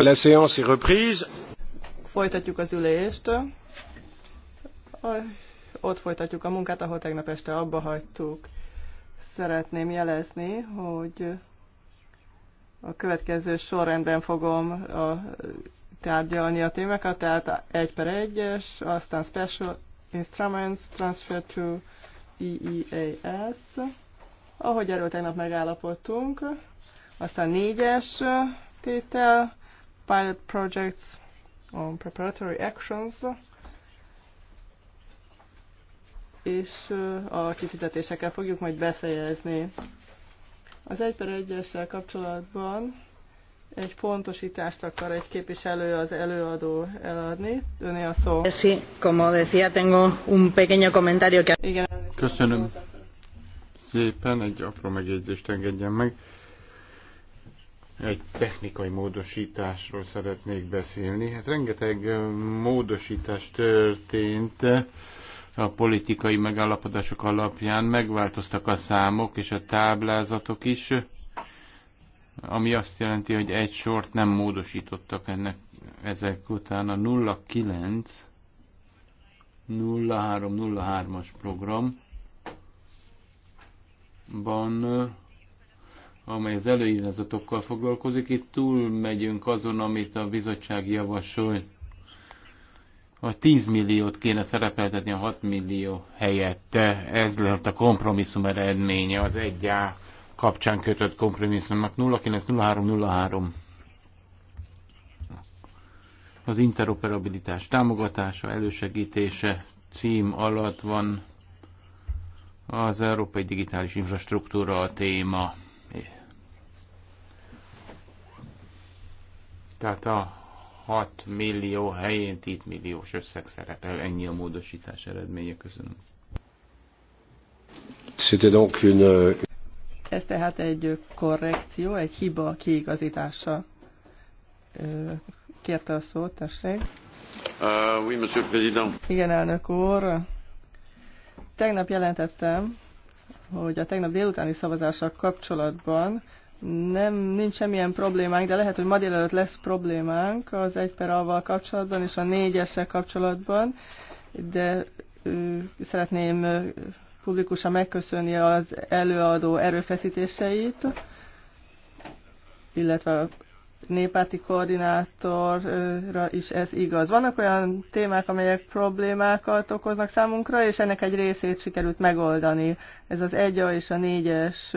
La séance est reprise. Folytatjuk az ülést. Ott folytatjuk a munkát, ahol tegnap este abba hagytuk. Szeretném jelezni, hogy a következő sorrendben fogom a, tárgyalni a témákat, tehát egy per egyes, aztán Special Instruments Transfer to EEAS, ahogy erről tegnap megállapodtunk, aztán négyes tétel, pilot projects on preparatory actions, és a kifizetésekkel fogjuk majd befejezni. Az 1 per 1 kapcsolatban egy pontosítást akar egy képviselő az előadó eladni. Öné a szó. Sí, como decía, tengo un pequeño comentario que... Igen. Köszönöm szépen, egy apró megjegyzést engedjen meg. Egy technikai módosításról szeretnék beszélni. Hát rengeteg módosítás történt a politikai megállapodások alapján. Megváltoztak a számok és a táblázatok is, ami azt jelenti, hogy egy sort nem módosítottak ennek ezek után. A 09 0303-as programban amely az előírázatokkal foglalkozik. Itt túl megyünk azon, amit a bizottság javasol. A 10 milliót kéne szerepeltetni a 6 millió helyette. Ez lett a kompromisszum eredménye az egyá kapcsán kötött kompromisszumnak 090303. Az interoperabilitás támogatása, elősegítése cím alatt van az Európai Digitális Infrastruktúra a téma. Tehát a 6 millió helyén 10 milliós összeg szerepel. Ennyi a módosítás eredménye. Köszönöm. Ez tehát egy korrekció, egy hiba kiigazítása. Kérte a szót, tessék. Uh, oui, monsieur le président. Igen, elnök úr. Tegnap jelentettem, hogy a tegnap délutáni szavazással kapcsolatban nem, nincs semmilyen problémánk, de lehet, hogy ma délelőtt lesz problémánk az egy per alval kapcsolatban és a négyessel kapcsolatban, de ö, szeretném ö, publikusan megköszönni az előadó erőfeszítéseit, illetve a néppárti koordinátorra is ez igaz. Vannak olyan témák, amelyek problémákat okoznak számunkra, és ennek egy részét sikerült megoldani. Ez az egy és a négyes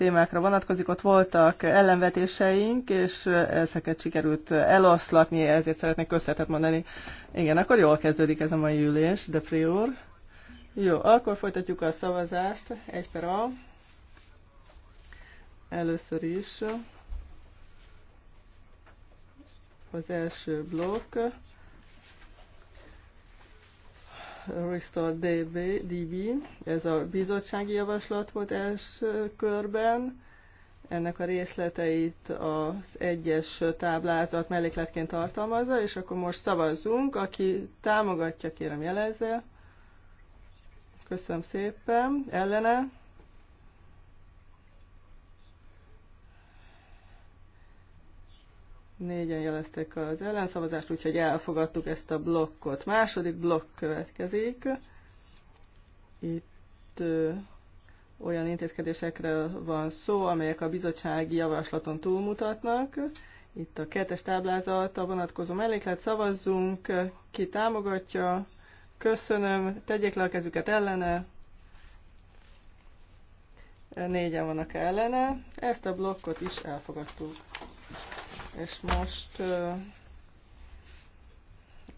témákra vonatkozik, ott voltak ellenvetéseink, és ezeket sikerült eloszlatni, ezért szeretnék köszönetet mondani. Igen, akkor jól kezdődik ez a mai ülés, de prior. Jó, akkor folytatjuk a szavazást, egy per a. Először is az első blokk Restore DB, DB, ez a bizottsági javaslat volt első körben. Ennek a részleteit az egyes táblázat mellékletként tartalmazza, és akkor most szavazzunk. Aki támogatja, kérem jelezze. Köszönöm szépen. Ellene? Négyen jelezték az ellenszavazást, úgyhogy elfogadtuk ezt a blokkot. Második blokk következik. Itt ö, olyan intézkedésekre van szó, amelyek a bizottsági javaslaton túlmutatnak. Itt a kettes táblázat, a vonatkozó melléklet, szavazzunk, ki támogatja, köszönöm, tegyék le a kezüket ellene, négyen vannak ellene. Ezt a blokkot is elfogadtuk. És most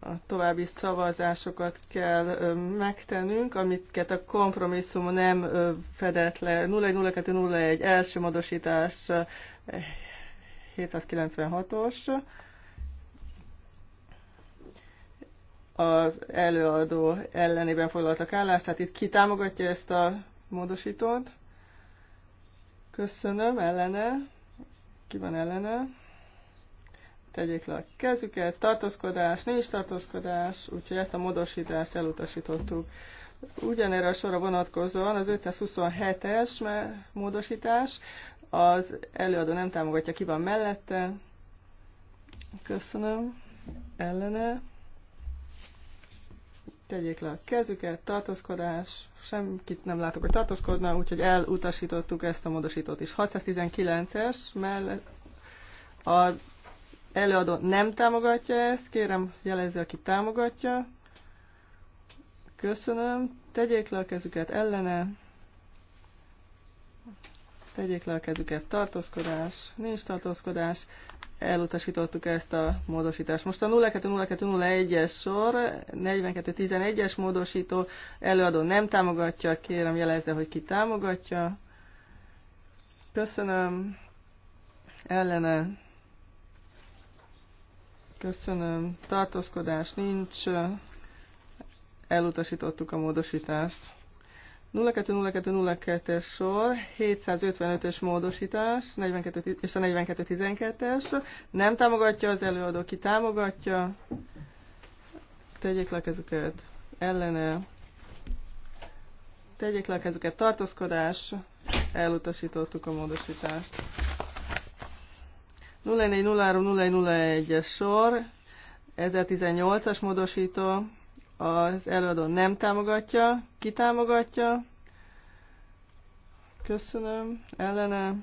a további szavazásokat kell megtennünk, amiket a kompromisszum nem fedett le. 010201 első modosítás 796-os. Az előadó ellenében foglaltak állást, tehát itt ki támogatja ezt a módosítót. Köszönöm, ellene. Ki van ellene? tegyék le a kezüket, tartózkodás, nincs tartózkodás, úgyhogy ezt a módosítást elutasítottuk. Ugyanerre a sorra vonatkozóan az 527-es módosítás, az előadó nem támogatja, ki van mellette. Köszönöm. Ellene. Tegyék le a kezüket, tartózkodás, semmit nem látok, hogy tartózkodna, úgyhogy elutasítottuk ezt a módosítót is. 619-es mellett a előadó nem támogatja ezt, kérem jelezze, aki támogatja. Köszönöm. Tegyék le a kezüket ellene. Tegyék le a kezüket. Tartózkodás. Nincs tartózkodás. Elutasítottuk ezt a módosítást. Most a 020201-es sor, 4211-es módosító előadó nem támogatja. Kérem jelezze, hogy ki támogatja. Köszönöm. Ellene Köszönöm. Tartózkodás nincs. Elutasítottuk a módosítást. 020202-es sor, 755-ös módosítás, 42, és a 4212-es. Nem támogatja az előadó, ki támogatja. Tegyék le kezüket. Ellene. Tegyék le kezüket. Tartózkodás. Elutasítottuk a módosítást. 0403-0101-es sor, 1018-as módosító, az előadó nem támogatja, ki támogatja, köszönöm, ellene,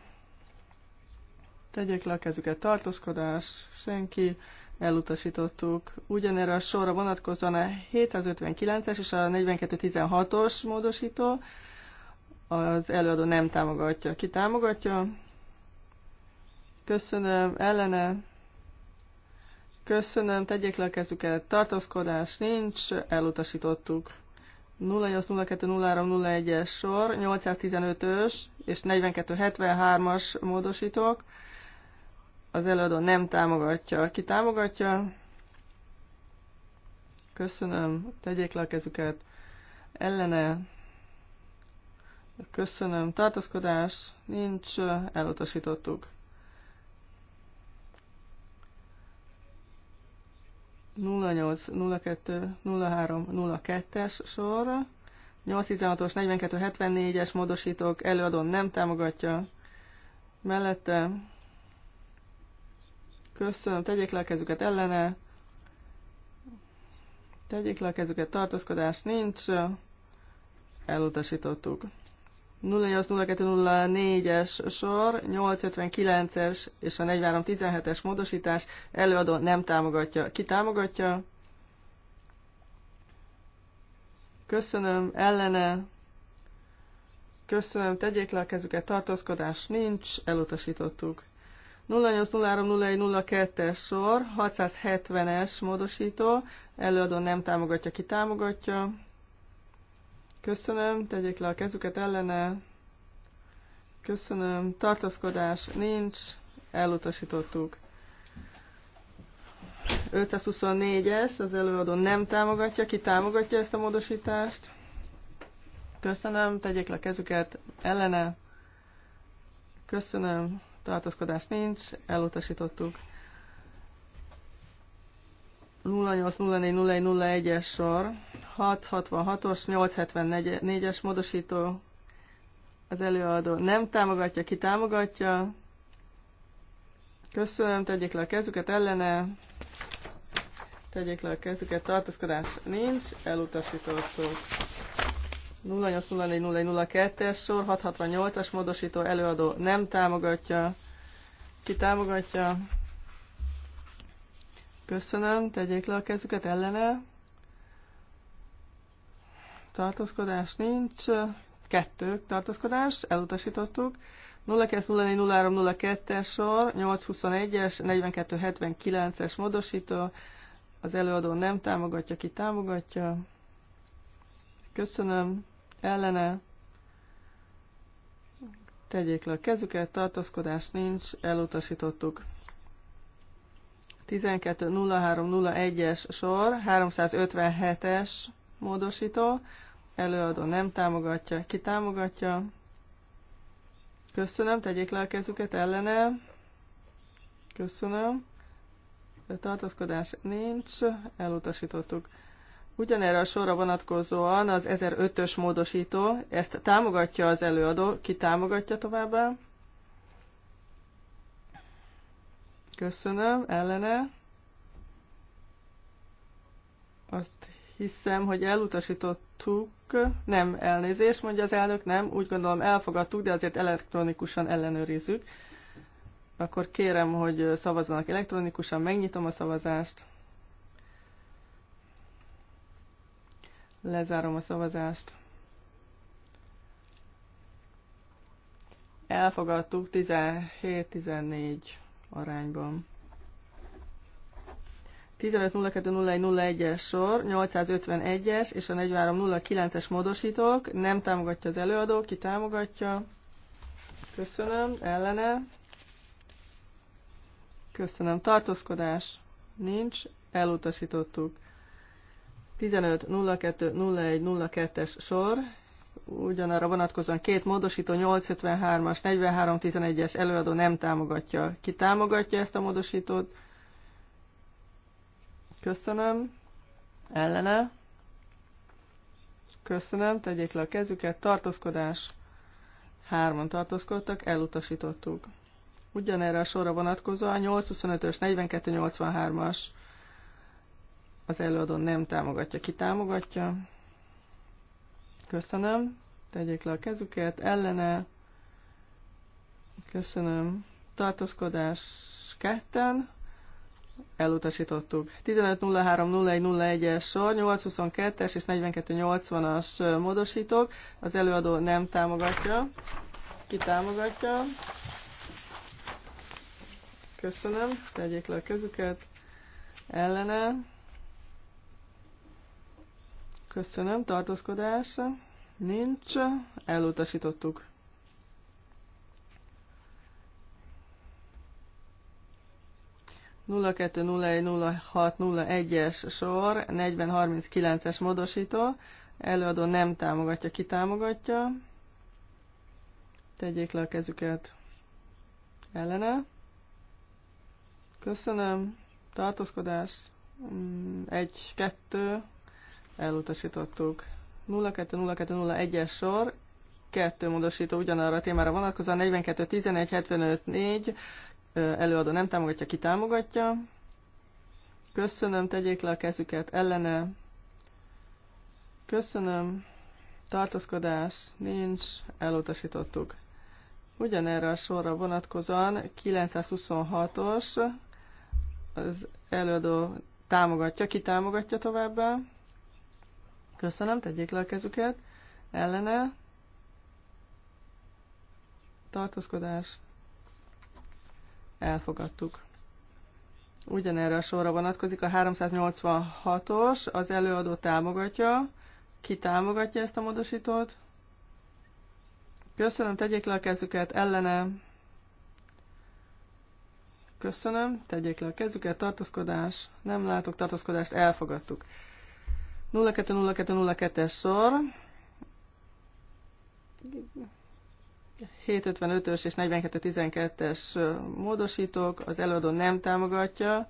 tegyék le a kezüket, tartózkodás, senki, elutasítottuk. Ugyanerre a sorra vonatkozóan a 759-es és a 4216-os módosító, az előadó nem támogatja, ki támogatja, Köszönöm, ellene. Köszönöm, tegyék le a kezüket. Tartózkodás nincs, elutasítottuk. 0802 03 es sor, 815-ös és 4273-as módosítók. Az előadó nem támogatja. Ki támogatja? Köszönöm, tegyék le a kezüket. Ellene. Köszönöm, tartózkodás nincs, elutasítottuk. 0802, 03, 02-es sor, 816-os, 42, 74-es módosítók, előadón nem támogatja, mellette, köszönöm, tegyék le a kezüket ellene, tegyék le a kezüket, tartózkodás nincs, elutasítottuk. 080204-es sor, 859-es és a 4317-es módosítás előadó nem támogatja. Ki támogatja? Köszönöm, ellene. Köszönöm, tegyék le a kezüket, tartózkodás nincs, elutasítottuk. 0803-0102-es sor, 670-es módosító, előadó nem támogatja, ki támogatja Köszönöm, tegyék le a kezüket ellene. Köszönöm, tartaszkodás nincs, elutasítottuk. 524-es, az előadó nem támogatja, ki támogatja ezt a módosítást? Köszönöm, tegyék le a kezüket ellene. Köszönöm, tartaszkodás nincs, elutasítottuk. 080401-es sor, 666-os, 874-es módosító, az előadó nem támogatja, ki támogatja. Köszönöm, tegyék le a kezüket ellene, tegyék le a kezüket, tartózkodás nincs, elutasítottuk. 0804-0102-es sor, 668-as módosító előadó nem támogatja, ki támogatja Köszönöm, tegyék le a kezüket ellene. Tartózkodás nincs. Kettő tartózkodás, elutasítottuk. 0904-0302-es sor, 821-es, 4279-es módosító. Az előadó nem támogatja, ki támogatja. Köszönöm. Ellene. Tegyék le a kezüket, tartózkodás nincs, elutasítottuk. 12.03.01-es sor, 357-es módosító, előadó nem támogatja, ki támogatja. Köszönöm, tegyék le a kezüket ellene. Köszönöm. De tartózkodás nincs, elutasítottuk. Ugyanerre a sorra vonatkozóan az 1005-ös módosító, ezt támogatja az előadó, ki támogatja továbbá. Köszönöm. Ellene? Azt hiszem, hogy elutasítottuk. Nem, elnézés, mondja az elnök, nem. Úgy gondolom elfogadtuk, de azért elektronikusan ellenőrizzük. Akkor kérem, hogy szavazzanak elektronikusan. Megnyitom a szavazást. Lezárom a szavazást. Elfogadtuk 17-14 arányban. 15.02.01.01-es sor, 851-es és a 43.09-es módosítók. Nem támogatja az előadó, ki támogatja. Köszönöm. Ellene. Köszönöm. Tartózkodás nincs. Elutasítottuk. 15.02.01.02-es sor, ugyanarra vonatkozóan két módosító, 853-as, 4311-es előadó nem támogatja. Ki támogatja ezt a módosítót? Köszönöm. Ellene. Köszönöm. Tegyék le a kezüket. Tartózkodás. Hárman tartózkodtak, elutasítottuk. Ugyanerre a sorra vonatkozóan 825-ös, 4283-as az előadó nem támogatja. Ki támogatja? Köszönöm. Tegyék le a kezüket. Ellene. Köszönöm. Tartózkodás ketten. Elutasítottuk. 15.03.01.01-es sor, 8.22-es és 42.80-as módosítók. Az előadó nem támogatja. Ki támogatja? Köszönöm. Tegyék le a kezüket. Ellene. Köszönöm. Tartózkodás? Nincs. Elutasítottuk. nulla es sor, 4039-es módosító, előadó nem támogatja, ki támogatja. Tegyék le a kezüket ellene. Köszönöm. Tartózkodás. Mm, egy, kettő, elutasítottuk. 020201-es sor, kettő módosító ugyanarra a témára vonatkozóan, 42.11.75.4, előadó nem támogatja, ki támogatja. Köszönöm, tegyék le a kezüket ellene. Köszönöm. Tartózkodás nincs, elutasítottuk. Ugyanerre a sorra vonatkozóan 926-os, az előadó támogatja, ki támogatja továbbá. Köszönöm, tegyék le a kezüket. Ellene. Tartózkodás. Elfogadtuk. Ugyanerre a sorra vonatkozik a 386-os, az előadó támogatja. Ki támogatja ezt a módosítót? Köszönöm, tegyék le a kezüket, ellene. Köszönöm, tegyék le a kezüket, tartózkodás. Nem látok tartózkodást, elfogadtuk. 0202 es sor, 755-ös és 4212-es módosítók, az előadó nem támogatja,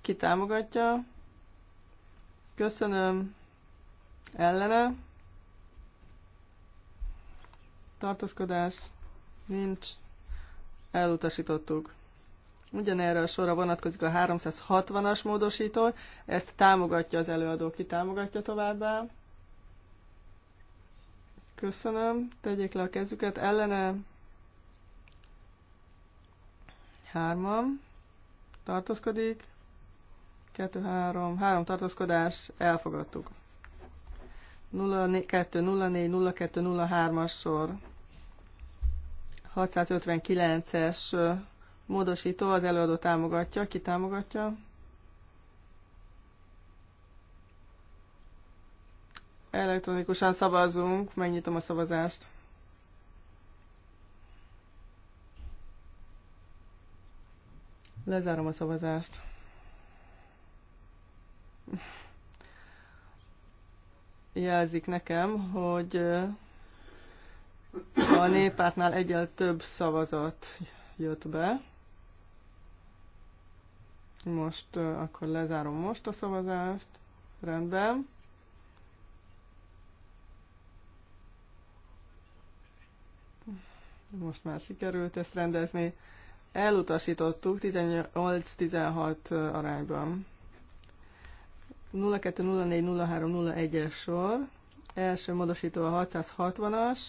ki támogatja, köszönöm, ellene, tartózkodás, nincs, elutasítottuk. Ugyanerre a sorra vonatkozik a 360-as módosító, ezt támogatja az előadó, ki támogatja továbbá. Köszönöm, tegyék le a kezüket, ellene hárman tartózkodik, kettő, három, három tartózkodás, elfogadtuk. 0204-0203-as sor. 659-es Módosító az előadó támogatja, ki támogatja. Elektronikusan szavazunk, megnyitom a szavazást. Lezárom a szavazást. Jelzik nekem, hogy a néppártnál egyel több szavazat jött be. Most akkor lezárom most a szavazást. Rendben. Most már sikerült ezt rendezni. Elutasítottuk 18-16 arányban. 0204-0301-es sor. Első módosító a 660-as.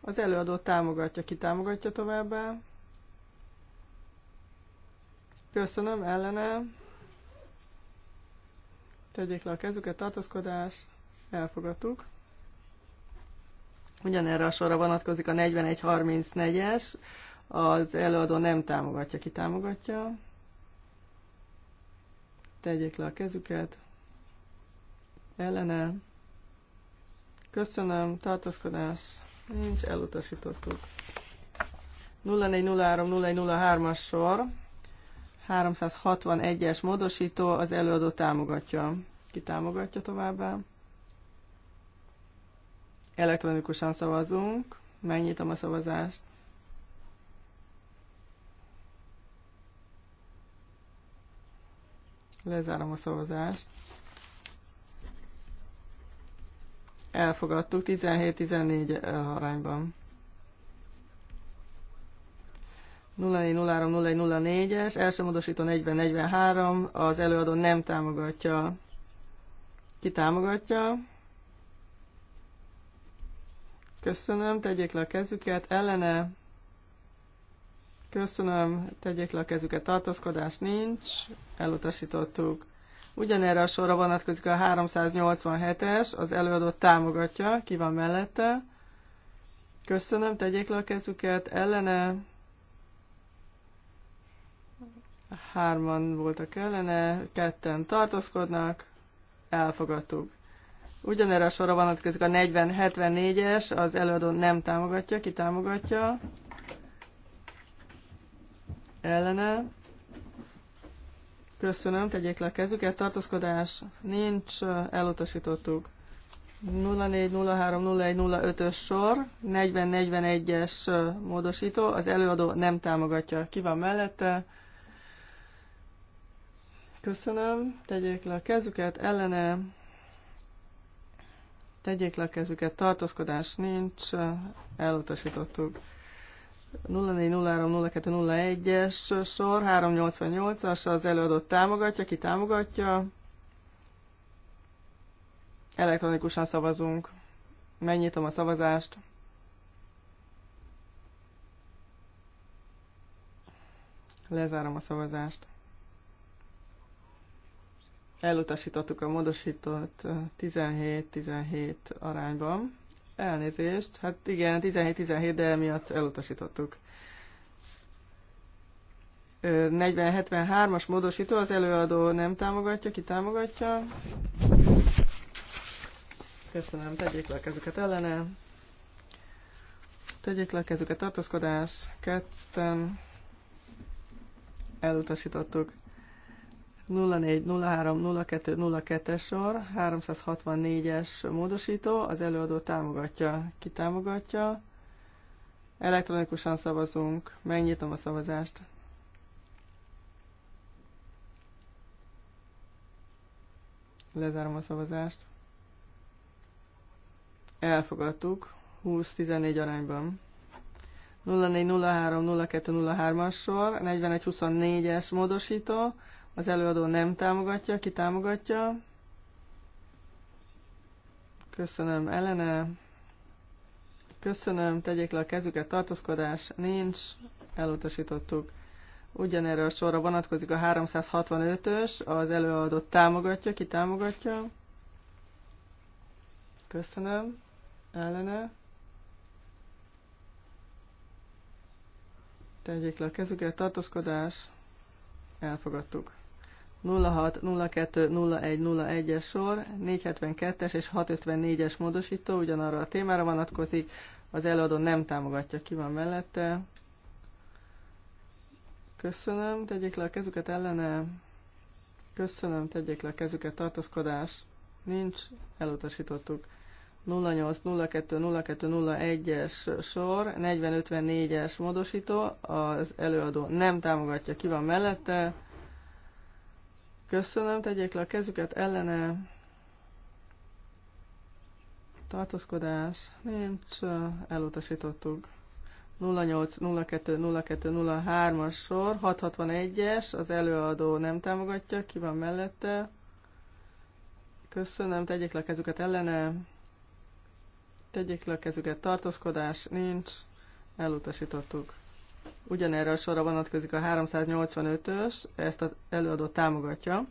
Az előadó támogatja, ki támogatja továbbá. Köszönöm, ellene. Tegyék le a kezüket, tartózkodás. Elfogadtuk. Ugyanerre a sorra vonatkozik a 4134-es. Az előadó nem támogatja, ki támogatja. Tegyék le a kezüket. Ellene. Köszönöm, tartózkodás. Nincs, elutasítottuk. 0403-0103-as sor 361-es módosító az előadó támogatja. Ki támogatja továbbá? Elektronikusan szavazunk. Megnyitom a szavazást. Lezárom a szavazást. Elfogadtuk 17-14 arányban. 0403-0104-es, első módosító 4043, az előadó nem támogatja. Ki támogatja? Köszönöm, tegyék le a kezüket. Ellene? Köszönöm, tegyék le a kezüket. Tartózkodás nincs, elutasítottuk. Ugyanerre a sorra vonatkozik a 387-es, az előadó támogatja, ki van mellette. Köszönöm, tegyék le a kezüket. Ellene? hárman voltak ellene, ketten tartózkodnak, elfogadtuk. Ugyanerre a sorra vonatkozik a 40-74-es, az előadó nem támogatja, ki támogatja, ellene. Köszönöm, tegyék le a kezüket, tartózkodás nincs, elutasítottuk. 04030105-ös sor, 41 es módosító, az előadó nem támogatja. Ki van mellette? Köszönöm. Tegyék le a kezüket, ellene. Tegyék le a kezüket, tartózkodás nincs, elutasítottuk. 0403-0201-es sor, 388-as, az előadott támogatja, ki támogatja. Elektronikusan szavazunk. Megnyitom a szavazást. Lezárom a szavazást elutasítottuk a módosított 17-17 arányban. Elnézést, hát igen, 17-17, de emiatt elutasítottuk. 40-73-as módosító, az előadó nem támogatja, ki támogatja? Köszönöm, tegyék le a kezüket ellene. Tegyék le a kezüket tartózkodás. Ketten elutasítottuk. 0403 0,2 es sor, 364-es módosító, az előadó támogatja, ki támogatja. Elektronikusan szavazunk, megnyitom a szavazást. Lezárom a szavazást. Elfogadtuk, 20-14 arányban. 0403 03 as sor, 4124-es módosító, az előadó nem támogatja, ki támogatja? Köszönöm, Elene. Köszönöm, tegyék le a kezüket, tartózkodás nincs, elutasítottuk. Ugyanerre a sorra vonatkozik a 365-ös, az előadót támogatja, ki támogatja. Köszönöm, ellene. Tegyék le a kezüket, tartózkodás, elfogadtuk. 06 02 01 01 es sor, 472-es és 654-es módosító ugyanarra a témára vonatkozik, az előadó nem támogatja, ki van mellette. Köszönöm, tegyék le a kezüket ellene. Köszönöm, tegyék le a kezüket, tartózkodás. Nincs, elutasítottuk. 08 02 02 01 es sor, 40 54 es módosító, az előadó nem támogatja, ki van mellette Köszönöm, tegyék le a kezüket ellene. Tartózkodás. Nincs, elutasítottuk. 08 02 02 03-as sor, 661-es, az előadó nem támogatja, ki van mellette. Köszönöm, tegyék le a kezüket ellene. Tegyék le a kezüket, tartózkodás nincs, elutasítottuk ugyanerre a sorra vonatkozik a 385-ös, ezt az előadó támogatja.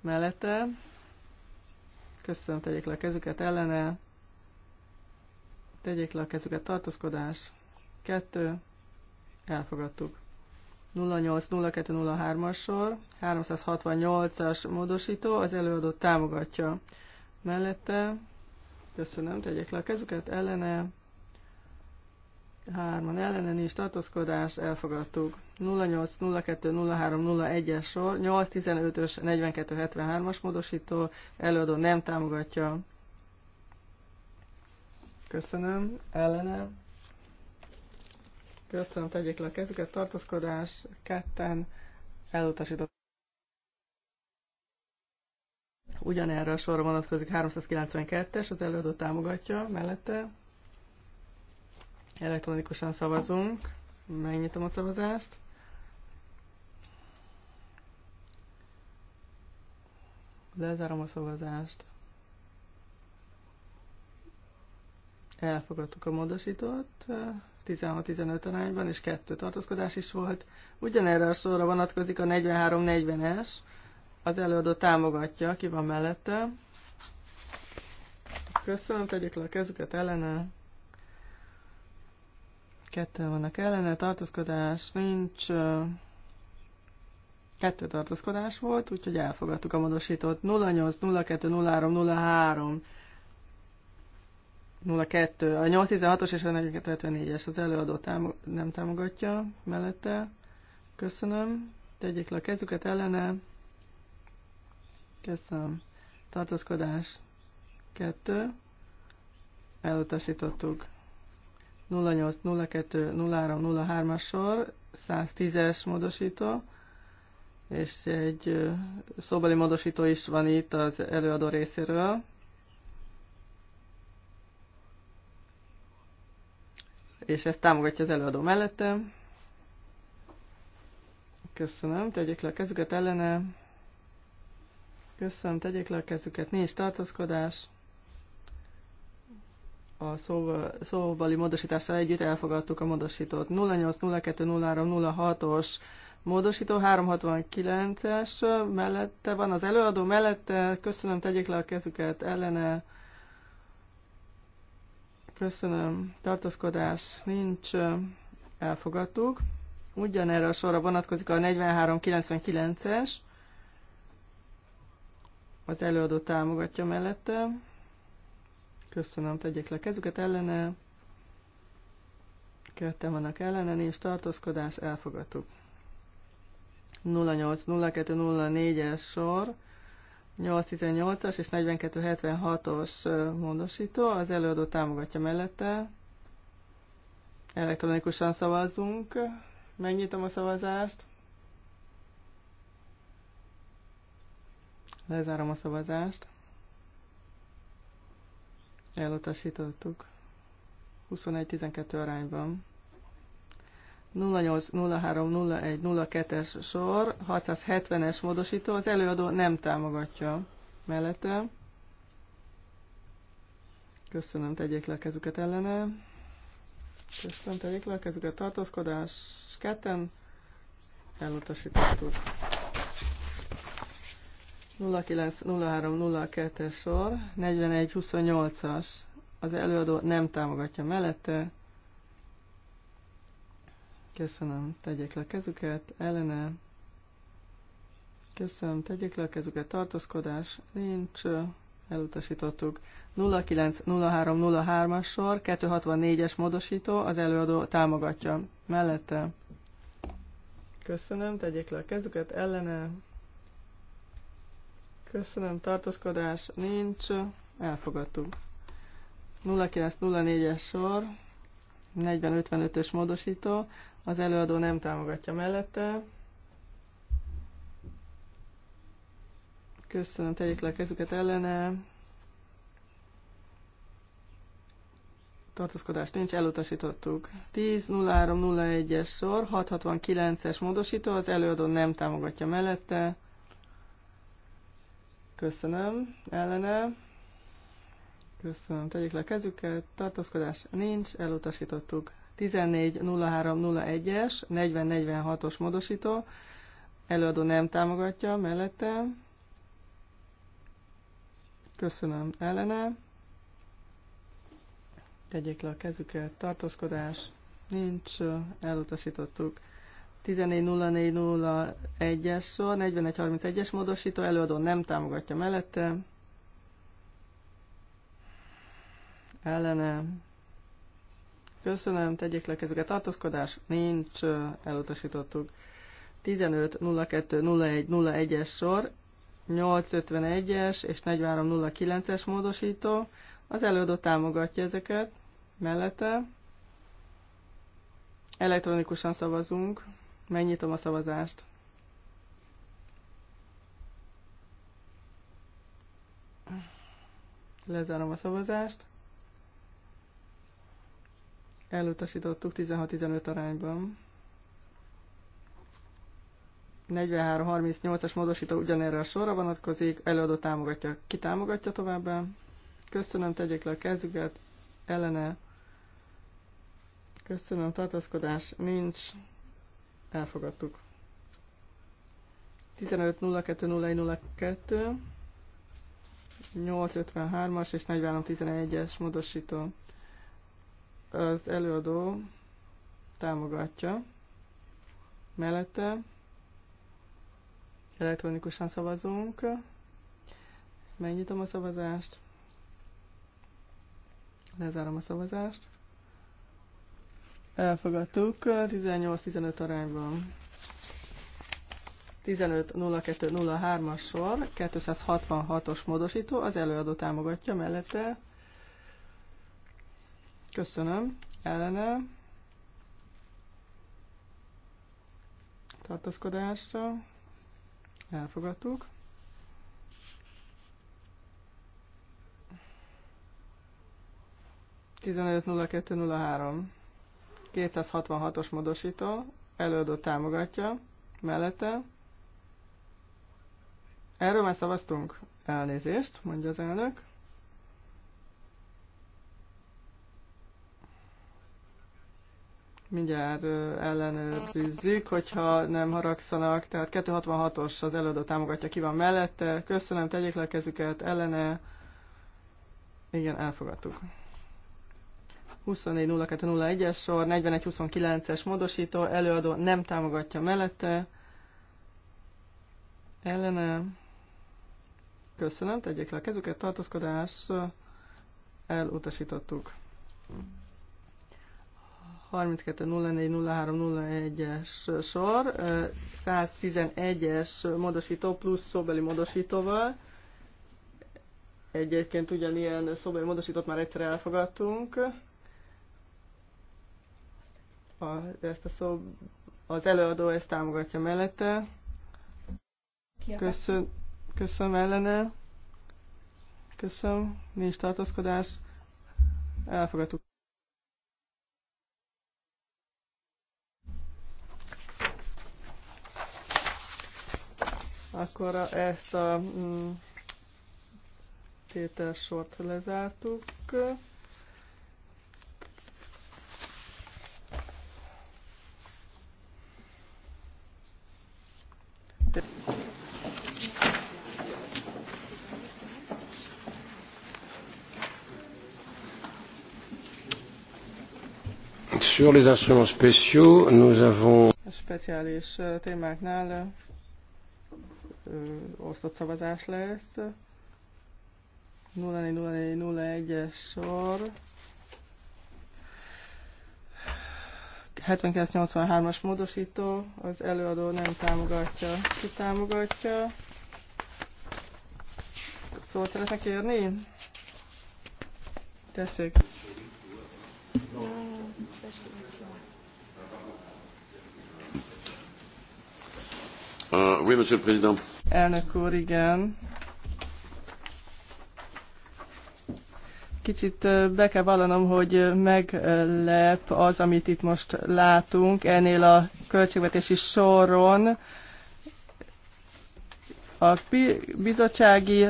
Mellette, köszönöm, tegyék le a kezüket ellene, tegyék le a kezüket tartózkodás, Kettő. elfogadtuk. 080203-as sor, 368-as módosító, az előadó támogatja. Mellette, köszönöm, tegyék le a kezüket ellene, Hárman ellenen is tartózkodás, elfogadtuk. 08, 02, 03, 01-es sor, 8 15 ös 42, 73-as módosító, előadó nem támogatja. Köszönöm, ellene. Köszönöm, tegyék le a kezüket, tartózkodás, ketten, elutasított. Ugyanerre a sorra vonatkozik 392-es, az előadó támogatja, mellette Elektronikusan szavazunk. Megnyitom a szavazást. Lezárom a szavazást. Elfogadtuk a módosítót 16-15 arányban, és kettő tartózkodás is volt. Ugyanerre a sorra vonatkozik a 43-40-es. Az előadó támogatja, ki van mellette. Köszönöm, tegyük le a kezüket ellene. Ketten vannak ellene, tartózkodás nincs. Kettő tartózkodás volt, úgyhogy elfogadtuk a módosítót. 08, 02, 03, 03, 02. A 816-os és a 4274-es az előadó támog- nem támogatja mellette. Köszönöm. Tegyék le a kezüket ellene. Köszönöm. Tartózkodás. Kettő. Elutasítottuk. 08, 02, 03, 03-as sor, 110-es módosító, és egy szóbeli módosító is van itt az előadó részéről. És ezt támogatja az előadó mellette. Köszönöm, tegyék le a kezüket ellene. Köszönöm, tegyék le a kezüket, nincs tartózkodás a szóval, szóvali módosítással együtt elfogadtuk a módosítót. 08, 02, 03, 06-os módosító, 369-es mellette van az előadó, mellette köszönöm, tegyék le a kezüket, ellene köszönöm, tartózkodás nincs, elfogadtuk. Ugyanerre a sorra vonatkozik a 4399-es, az előadó támogatja mellette Köszönöm, tegyék le kezüket ellene. Ketten vannak ellene, nincs tartózkodás, elfogadtuk. 04 es sor, 818-as és 4276-os módosító, az előadó támogatja mellette. Elektronikusan szavazzunk. Megnyitom a szavazást. Lezárom a szavazást. Elutasítottuk. 21-12 arányban. 08-03-01-02-es sor, 670-es módosító, az előadó nem támogatja mellette. Köszönöm, tegyék le a kezüket ellene. Köszönöm, tegyék le a kezüket tartózkodás. Ketten elutasítottuk. 090302-es sor, 4128-as. Az előadó nem támogatja mellette. Köszönöm, tegyék le a kezüket, ellene. Köszönöm, tegyék le a kezüket, tartózkodás nincs, elutasítottuk. 090303-as sor, 264-es módosító, az előadó támogatja. Mellette. Köszönöm, tegyék le a kezüket, ellene. Köszönöm, tartózkodás nincs, elfogadtuk. 0904-es sor, 4055-ös módosító, az előadó nem támogatja mellette. Köszönöm, tegyék le a kezüket ellene. Tartózkodás nincs, elutasítottuk. 10.03.01-es sor, 669-es módosító, az előadó nem támogatja mellette. Köszönöm. Ellene. Köszönöm. tegyük le a kezüket. Tartózkodás nincs. Elutasítottuk. 14.03.01-es, 40.46-os módosító. Előadó nem támogatja. Mellette. Köszönöm. Ellene. Tegyék le a kezüket. Tartózkodás nincs. Elutasítottuk. 14.03.01 14.04.01-es sor, 41.31-es módosító, előadó nem támogatja mellette, ellene, köszönöm, tegyék le kezüket, tartózkodás nincs, elutasítottuk. 15.02.01.01-es sor, 8.51-es és 43.09-es módosító, az előadó támogatja ezeket, mellette, elektronikusan szavazunk, Megnyitom a szavazást. Lezárom a szavazást. Elutasítottuk 16-15 arányban. 43-38-as módosító ugyanerre a sorra vonatkozik, előadó támogatja, ki támogatja továbbá. Köszönöm, tegyék le a kezüket, ellene. Köszönöm, tartaszkodás nincs, Elfogadtuk. 15.02.01.02 853-as és 4311-es módosító. Az előadó támogatja. Mellette elektronikusan szavazunk. Megnyitom a szavazást. Lezárom a szavazást. Elfogadtuk 18-15 arányban. 15.02.03-as sor, 266-os módosító, az előadó támogatja mellette. Köszönöm. Ellene. Tartózkodásra. Elfogadtuk. Tizenöt nulla kettő nulla három. 266-os módosító, előadó támogatja, mellette. Erről már szavaztunk. Elnézést, mondja az elnök. Mindjárt ellenőrizzük, hogyha nem haragszanak. Tehát 266-os az előadó támogatja, ki van mellette. Köszönöm, tegyék le a kezüket, ellene. Igen, elfogadtuk. 24.02.01-es sor, 41.29-es módosító, előadó nem támogatja mellette, ellene, köszönöm, tegyék le a kezüket, tartózkodás, elutasítottuk. 32.04.03.01-es sor, 111-es módosító plusz szóbeli módosítóval, Egyébként ugyanilyen szóbeli módosítót már egyszer elfogadtunk a, ezt a szó, az előadó ezt támogatja mellette. Köszön, köszönöm ellene. Köszönöm, nincs tartózkodás. Elfogadtuk. Akkor ezt a mm, tételsort lezártuk. Sur les instruments spéciaux, nous avons... speciális témáknál ö, osztott szavazás lesz. 0401 es sor. 7283 as módosító, az előadó nem támogatja. Ki támogatja? Szót szóval szeretne kérni? Tessék. Uh, oui, monsieur le président. Elnök úr, igen. Kicsit be kell vallanom, hogy meglep az, amit itt most látunk. Ennél a költségvetési soron a bizottsági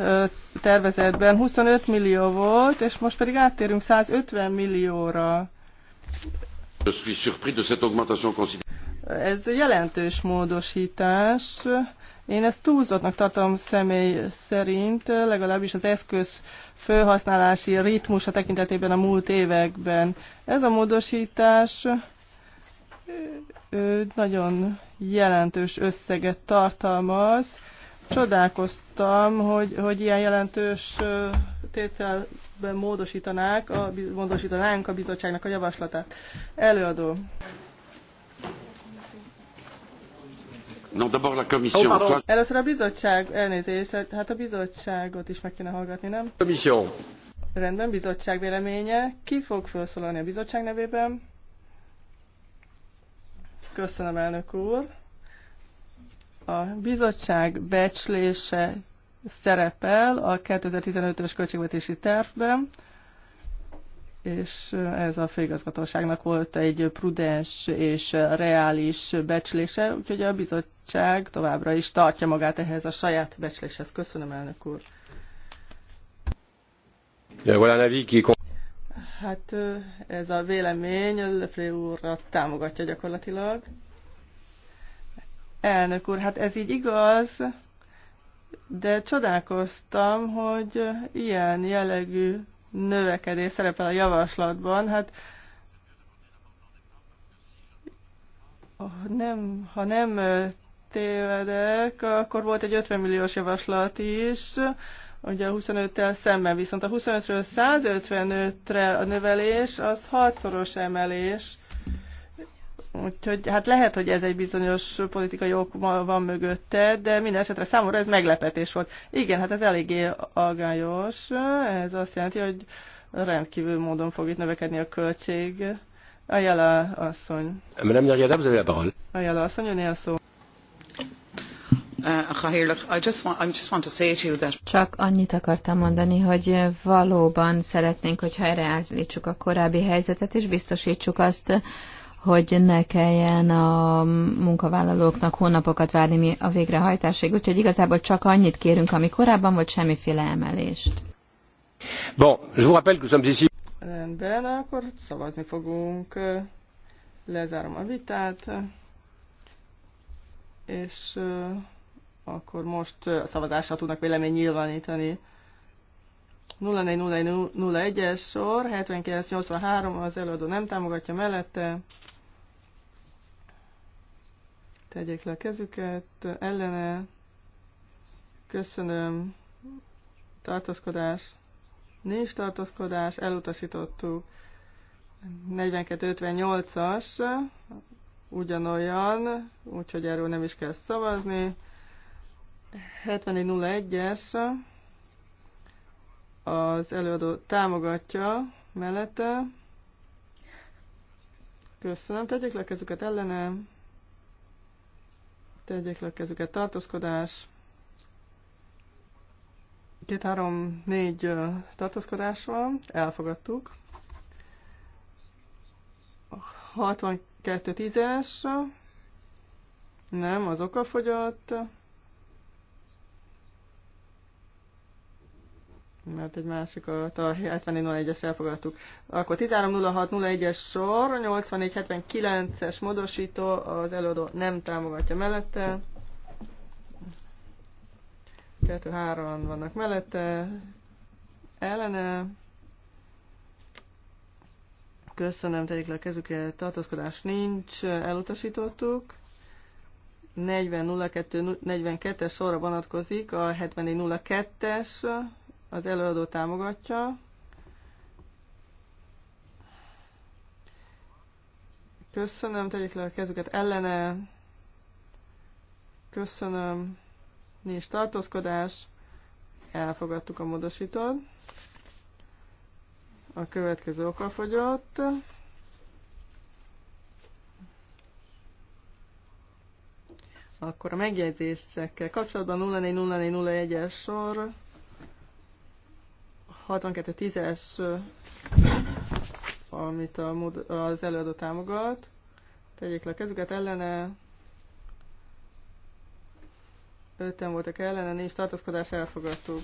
tervezetben 25 millió volt, és most pedig áttérünk 150 millióra. Ez jelentős módosítás. Én ezt túlzottnak tartom személy szerint, legalábbis az eszköz felhasználási ritmusa tekintetében a múlt években. Ez a módosítás nagyon jelentős összeget tartalmaz. Csodálkoztam, hogy, hogy ilyen jelentős tételben módosítanák, a, módosítanánk a bizottságnak a javaslatát. Előadó. Oh, Először a bizottság, elnézést, hát a bizottságot is meg kéne hallgatni, nem? Rendben, bizottság véleménye. Ki fog felszólalni a bizottság nevében? Köszönöm, elnök úr. A bizottság becslése szerepel a 2015-ös költségvetési tervben, és ez a főigazgatóságnak volt egy prudens és reális becslése, úgyhogy a bizottság továbbra is tartja magát ehhez a saját becsléshez. Köszönöm, elnök úr. Hát ez a vélemény, Lefré úr támogatja gyakorlatilag. Elnök úr, hát ez így igaz, de csodálkoztam, hogy ilyen jellegű növekedés szerepel a javaslatban. Hát nem, ha nem tévedek, akkor volt egy 50 milliós javaslat is, ugye a 25-tel szemben, viszont a 25-ről 155-re a növelés, az 6-szoros emelés, Úgyhogy hát lehet, hogy ez egy bizonyos politikai ok van mögötte, de minden esetre számomra ez meglepetés volt. Igen, hát ez eléggé agályos. Ez azt jelenti, hogy rendkívül módon fog itt növekedni a költség. A jela asszony. Nem nyarja, nem zövél behal. A jela asszony, jön a szó. Csak annyit akartam mondani, hogy valóban szeretnénk, hogy helyreállítsuk a korábbi helyzetet, és biztosítsuk azt, hogy ne kelljen a munkavállalóknak hónapokat várni mi a végrehajtásig. Úgyhogy igazából csak annyit kérünk, ami korábban volt, semmiféle emelést. Bon, je vous rappelle que nous sommes ici. Rendben, akkor szavazni fogunk. Lezárom a vitát. És akkor most a szavazásra tudnak vélemény nyilvánítani. 0401-es sor, 7983 az előadó nem támogatja mellette, tegyék le a kezüket, ellene, köszönöm, tartózkodás, nincs tartózkodás, elutasítottuk, 42-58-as, ugyanolyan, úgyhogy erről nem is kell szavazni, 7401-es, az előadó támogatja mellette, Köszönöm, tegyék le kezüket ellenem. Tegyék le a kezüket. Tartózkodás. Két, három, négy tartózkodás van. Elfogadtuk. 62 tízes. Nem, az okafogyott. fogyott. mert egy másik a 7401-es elfogadtuk. Akkor 130601-es sor, 8479-es módosító, az előadó nem támogatja mellette. 2-3-an vannak mellette, ellene. Köszönöm, tedik le a kezüket, tartózkodás nincs, elutasítottuk. 40.02.42-es sorra vonatkozik a 74.02-es az előadó támogatja. Köszönöm, tegyék le a kezüket ellene. Köszönöm. Nincs tartózkodás. Elfogadtuk a módosítót. A következő oka fogyott. Akkor a megjegyzésekkel kapcsolatban 040401-es sor 62-10-es, amit a, az előadó támogat. Tegyék le a kezüket ellene. Öten voltak ellene, nincs tartózkodás, elfogadtuk.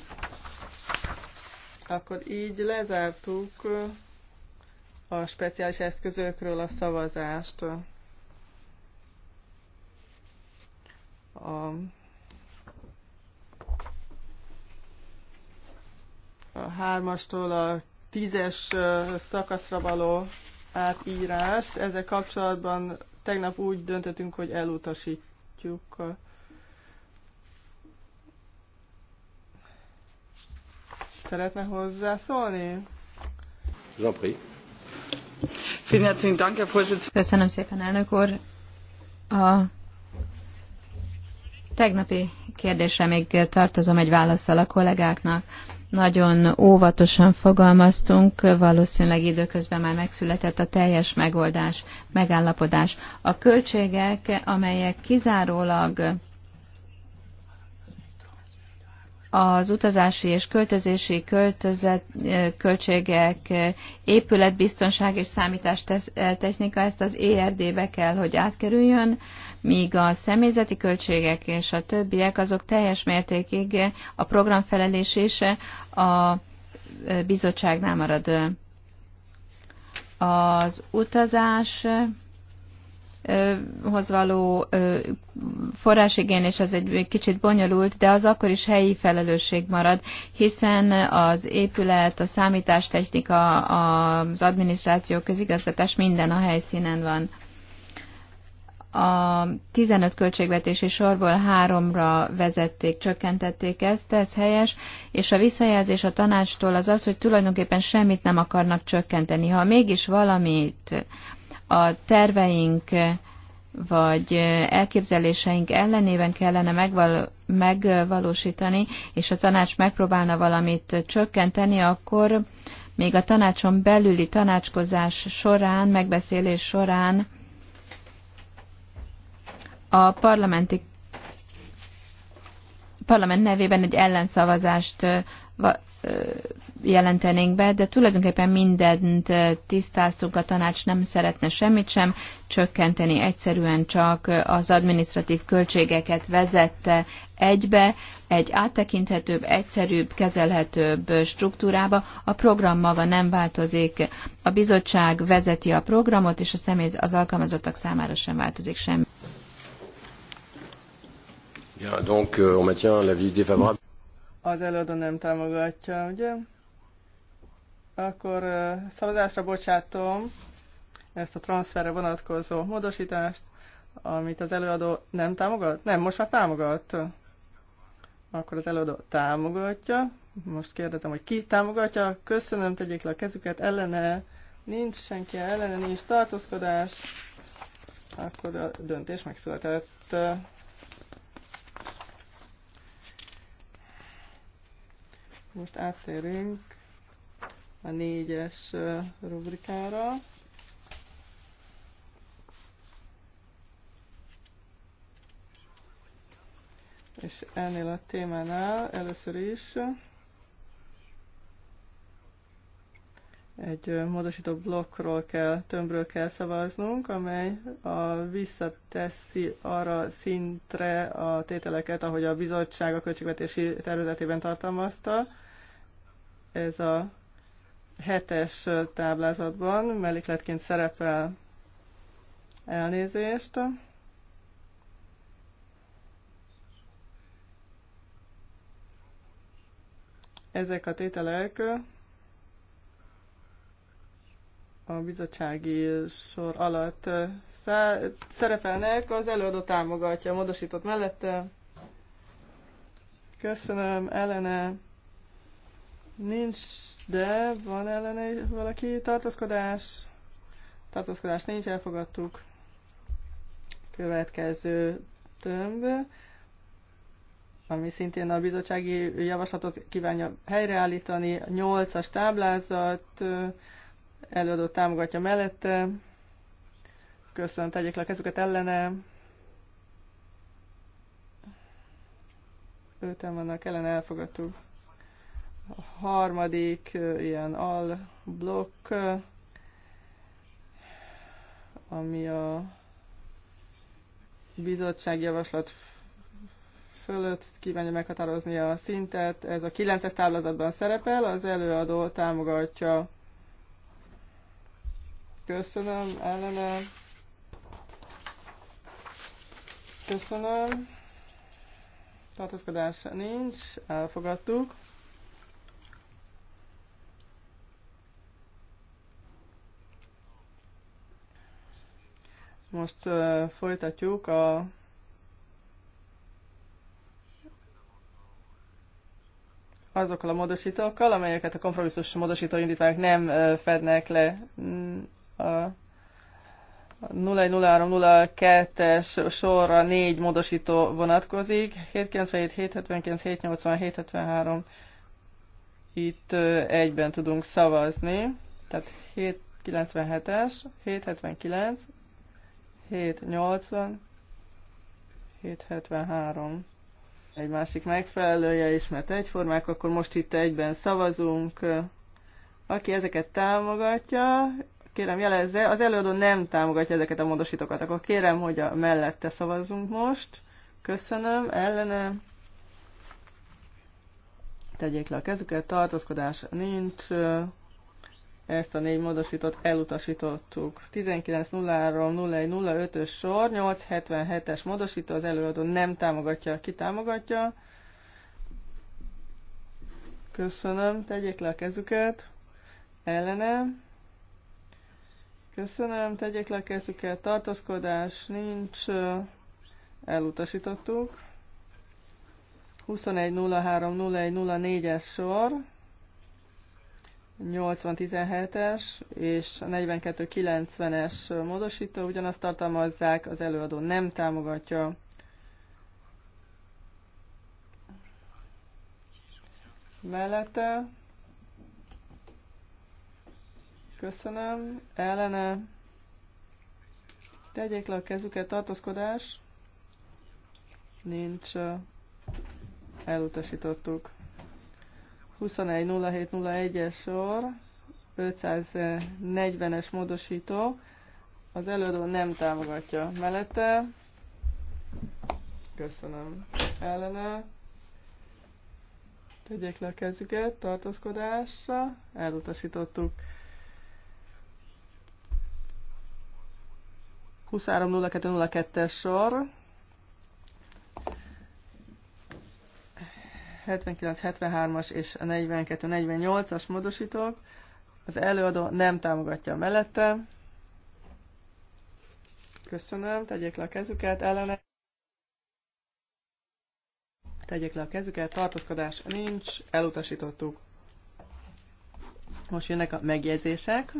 Akkor így lezártuk a speciális eszközökről a szavazást. A hármastól a tízes szakaszra való átírás. Ezzel kapcsolatban tegnap úgy döntöttünk, hogy elutasítjuk a Szeretne hozzászólni? Zsapri. Köszönöm szépen, elnök úr. A tegnapi kérdésre még tartozom egy válaszsal a kollégáknak nagyon óvatosan fogalmaztunk, valószínűleg időközben már megszületett a teljes megoldás, megállapodás. A költségek, amelyek kizárólag az utazási és költözési költözet, költségek, épületbiztonság és számítástechnika ezt az ERD-be kell, hogy átkerüljön, míg a személyzeti költségek és a többiek azok teljes mértékig a program felelésése a bizottságnál marad. Az utazás hoz való forrásigén, és ez egy kicsit bonyolult, de az akkor is helyi felelősség marad, hiszen az épület, a számítástechnika, az adminisztráció, közigazgatás minden a helyszínen van a 15 költségvetési sorból háromra vezették, csökkentették ezt, ez helyes, és a visszajelzés a tanácstól az az, hogy tulajdonképpen semmit nem akarnak csökkenteni. Ha mégis valamit a terveink vagy elképzeléseink ellenében kellene megval- megvalósítani, és a tanács megpróbálna valamit csökkenteni, akkor még a tanácson belüli tanácskozás során, megbeszélés során a parlamenti parlament nevében egy ellenszavazást jelentenénk be, de tulajdonképpen mindent tisztáztunk, a tanács nem szeretne semmit sem csökkenteni, egyszerűen csak az administratív költségeket vezette egybe, egy áttekinthetőbb, egyszerűbb, kezelhetőbb struktúrába. A program maga nem változik, a bizottság vezeti a programot, és a személy az alkalmazottak számára sem változik semmi. Ja, donc euh, on maintient l'avis défavorable. Az előadó nem támogatja, ugye? Akkor szavazásra bocsátom ezt a transferre vonatkozó módosítást, amit az előadó nem támogat? Nem, most már támogat. Akkor az előadó támogatja. Most kérdezem, hogy ki támogatja. Köszönöm, tegyék le a kezüket. Ellene nincs senki, ellene nincs tartózkodás. Akkor a döntés megszületett. Most átérünk a négyes rubrikára. És ennél a témánál először is egy módosító blokkról kell, tömbről kell szavaznunk, amely a visszateszi arra szintre a tételeket, ahogy a bizottság a költségvetési tervezetében tartalmazta. Ez a hetes táblázatban mellékletként szerepel elnézést. Ezek a tételek a bizottsági sor alatt eh, szerepelnek, az előadó támogatja, módosított mellette. Köszönöm, ellene. Nincs, de van ellene valaki tartózkodás. Tartózkodás nincs, elfogadtuk. Következő tömb, ami szintén a bizottsági javaslatot kívánja helyreállítani. Nyolcas táblázat, előadó támogatja mellette. Köszönöm, tegyék le a kezüket ellene. Öten vannak ellen, elfogadtuk. A harmadik ilyen al blokk, ami a bizottság javaslat fölött kívánja meghatározni a szintet. Ez a 9-es táblázatban szerepel, az előadó támogatja Köszönöm, Elena. Köszönöm. Tartózkodás nincs, elfogadtuk. Most uh, folytatjuk a azokkal a módosítókkal, amelyeket a kompromisszus módosító indítványok nem fednek le a 010302-es sorra négy módosító vonatkozik, 797, 779, 780, 773 itt egyben tudunk szavazni, tehát 797-es, 779, 780, 773 egy másik megfelelője is, mert egyformák, akkor most itt egyben szavazunk. Aki ezeket támogatja, kérem jelezze, az előadó nem támogatja ezeket a módosítókat, akkor kérem, hogy a mellette szavazzunk most. Köszönöm, ellene. Tegyék le a kezüket, tartózkodás nincs. Ezt a négy módosítót elutasítottuk. 19.03.01.05-ös sor, 877-es módosító, az előadó nem támogatja, ki támogatja. Köszönöm, tegyék le a kezüket. Ellenem. Köszönöm, tegyék le a kezüket, tartózkodás nincs, elutasítottuk. 21.03.01.04-es sor, 80.17-es és a 42.90-es módosító ugyanazt tartalmazzák, az előadó nem támogatja. Mellette Köszönöm. Ellene. Tegyék le a kezüket. Tartózkodás. Nincs. Elutasítottuk. 21.07.01-es sor. 540-es módosító. Az előadó nem támogatja. Mellette. Köszönöm. Ellene. Tegyék le a kezüket. Tartózkodás. Elutasítottuk. 23.02.02-es sor. 79-73-as és 42-48-as módosítók. Az előadó nem támogatja mellette. Köszönöm, tegyék le a kezüket, ellene. Tegyék le a kezüket, tartózkodás nincs, elutasítottuk. Most jönnek a megjegyzések.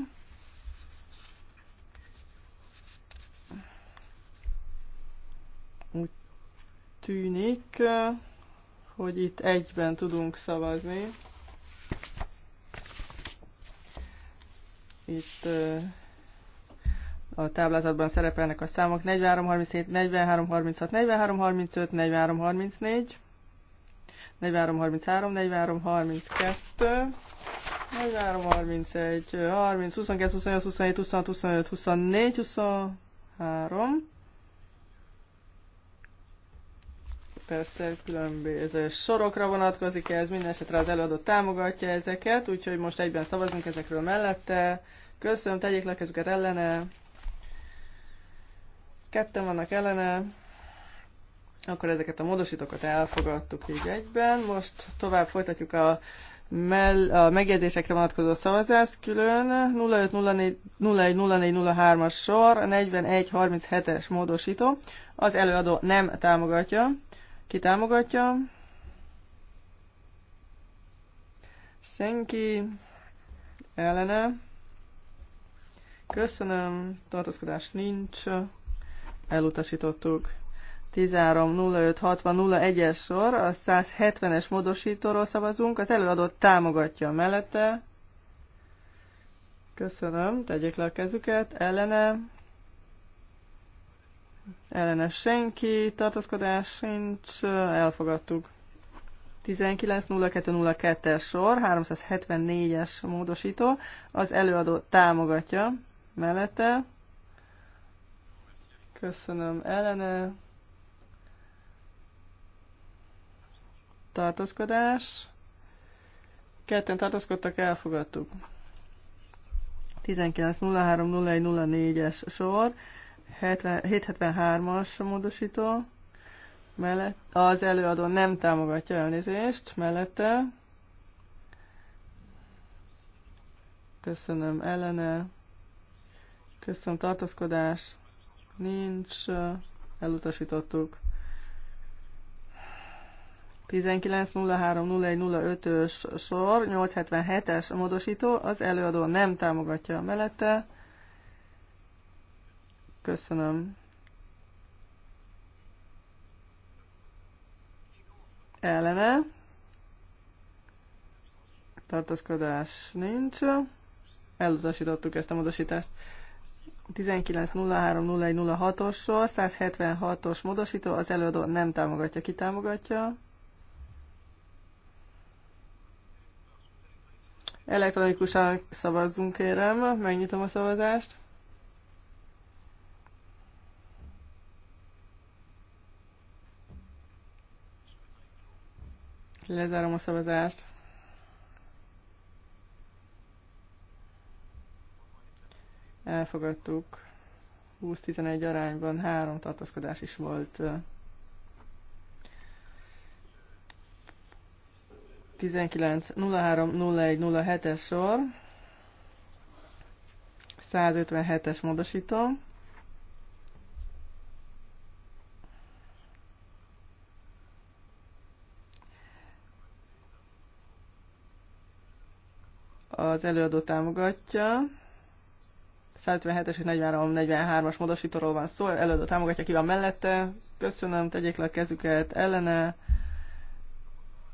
Úgy tűnik, hogy itt egyben tudunk szavazni. Itt a táblázatban szerepelnek a számok 4337, 4336, 4335, 4334, 4333, 4332, 4331, 30, 22, 28, 27, 26, 25, 24, 23, persze különböző sorokra vonatkozik ez, minden esetre az előadó támogatja ezeket, úgyhogy most egyben szavazunk ezekről mellette. Köszönöm, tegyék le kezüket ellene. Ketten vannak ellene. Akkor ezeket a módosítókat elfogadtuk így egyben. Most tovább folytatjuk a, mell- a megjegyzésekre vonatkozó szavazást külön. 0504-010403-as sor, 4137-es módosító. Az előadó nem támogatja. Ki támogatja? Senki ellene. Köszönöm, tartozkodás nincs, elutasítottuk. 13.05.60.01-es sor, a 170-es módosítóról szavazunk, az előadott támogatja mellette. Köszönöm, tegyék le a kezüket, ellene ellene senki, tartózkodás sincs, elfogadtuk. 19.02.02-es sor, 374-es módosító, az előadó támogatja mellette. Köszönöm ellene. Tartózkodás. Ketten tartózkodtak, elfogadtuk. 19.03.01.04-es sor, 773-as módosító mellett, az előadó nem támogatja elnézést, mellette. Köszönöm ellene. Köszönöm tartózkodás. Nincs. Elutasítottuk. 19.03.01.05-ös sor, 877-es módosító, az előadó nem támogatja mellette. Köszönöm. Ellene. Tartózkodás nincs. Elutasítottuk ezt a módosítást. 19.03.01.06-osról 176-os módosító, az előadó nem támogatja, ki támogatja. Elektronikusan szavazzunk, kérem, megnyitom a szavazást. Lezárom a szavazást. Elfogadtuk. 20-11 arányban három tartózkodás is volt. 19 03 01 07-es sor. 157-es módosítom. az előadó támogatja. 157-es 43-43-as módosítóról van szó, előadó támogatja, ki van mellette. Köszönöm, tegyék le a kezüket ellene.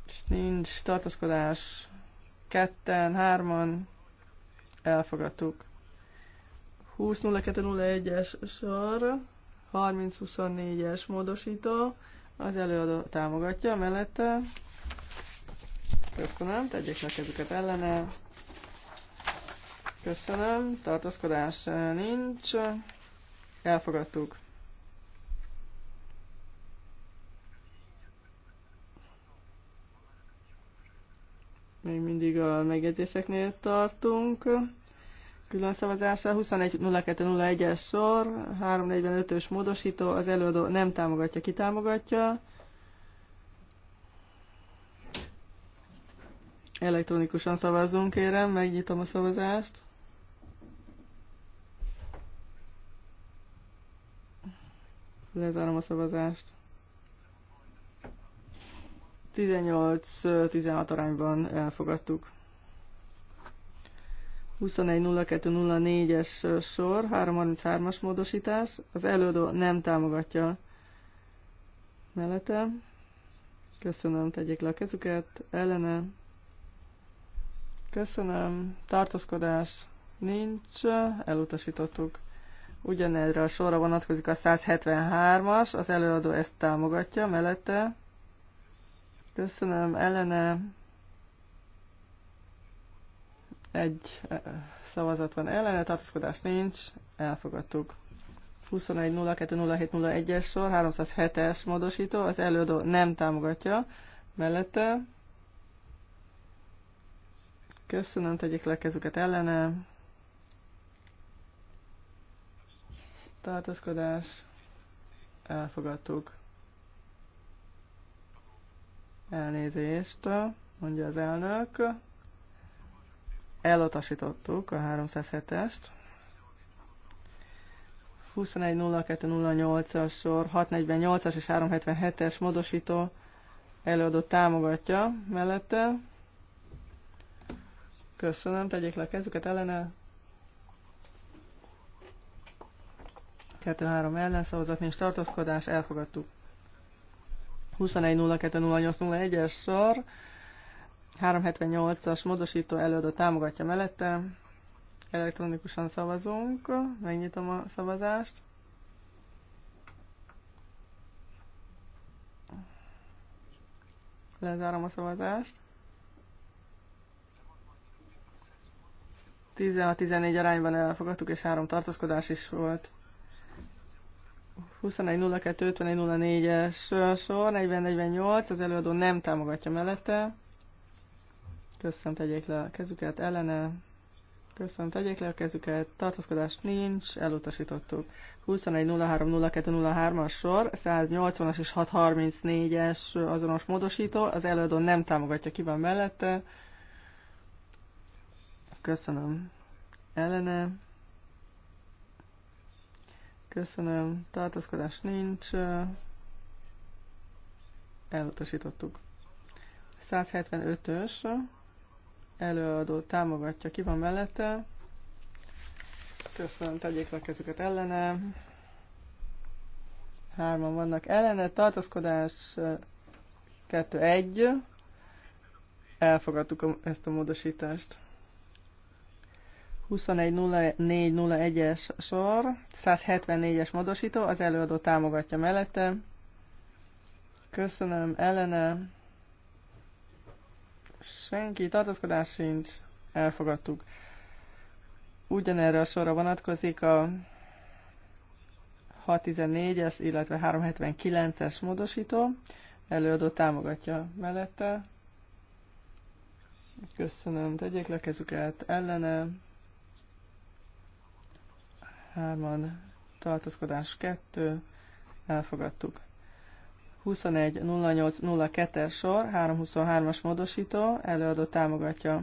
És nincs tartózkodás. Ketten, hárman. Elfogadtuk. 20.02.01-es sor, 30.24-es módosító, az előadó támogatja mellette. Köszönöm, tegyék le kezüket ellene. Köszönöm. Tartózkodás nincs. Elfogadtuk. Még mindig a megjegyzéseknél tartunk. Külön szavazása 21.02.01-es sor, 345-ös módosító, az előadó nem támogatja, ki támogatja. Elektronikusan szavazzunk, kérem, megnyitom a szavazást. Lezárom a szavazást. 18-16 arányban elfogadtuk. 21.02.04-es sor, 33 as módosítás. Az előadó nem támogatja mellette. Köszönöm, tegyék le a kezüket. Ellene. Köszönöm. Tartózkodás nincs. Elutasítottuk. Ugyanerre a sorra vonatkozik a 173-as, az előadó ezt támogatja mellette. Köszönöm, ellene egy szavazat van ellene, tartózkodás nincs, elfogadtuk. 21.02.07.01-es sor, 307-es módosító, az előadó nem támogatja, mellette. Köszönöm, tegyék le kezüket ellene. tartózkodás, elfogadtuk. Elnézést, mondja az elnök. Elutasítottuk a 307-est. 21.02.08-as sor, 648-as és 377-es módosító előadó támogatja mellette. Köszönöm, tegyék le a kezüket ellene, 2-3 ellenszavazat, nincs tartózkodás, elfogadtuk. 21.02.08.01-es sor, 378-as módosító előadó támogatja mellette, elektronikusan szavazunk, megnyitom a szavazást. Lezárom a szavazást. 16-14 arányban elfogadtuk, és három tartózkodás is volt. 2102-5104-es sor, 4048, az előadó nem támogatja mellette. Köszönöm, tegyék le a kezüket ellene. Köszönöm, tegyék le a kezüket. Tartózkodás nincs, elutasítottuk. 21030203-as sor, 180-as és 634-es azonos módosító, az előadó nem támogatja, ki van mellette. Köszönöm. Ellene Köszönöm. Tartózkodás nincs. Elutasítottuk. 175-ös előadó támogatja. Ki van mellette? Köszönöm, tegyék le kezüket ellene. Hárman vannak ellene. Tartózkodás 2-1. Elfogadtuk ezt a módosítást. 21.04.01-es sor, 174-es módosító, az előadó támogatja mellette. Köszönöm, ellene. Senki, tartozkodás sincs, elfogadtuk. Ugyanerre a sorra vonatkozik a 614-es, illetve 379-es módosító. Előadó támogatja mellette. Köszönöm, tegyék le kezüket ellene hárman, tartózkodás kettő, elfogadtuk. 21.08.02-es sor, 323-as módosító, előadó támogatja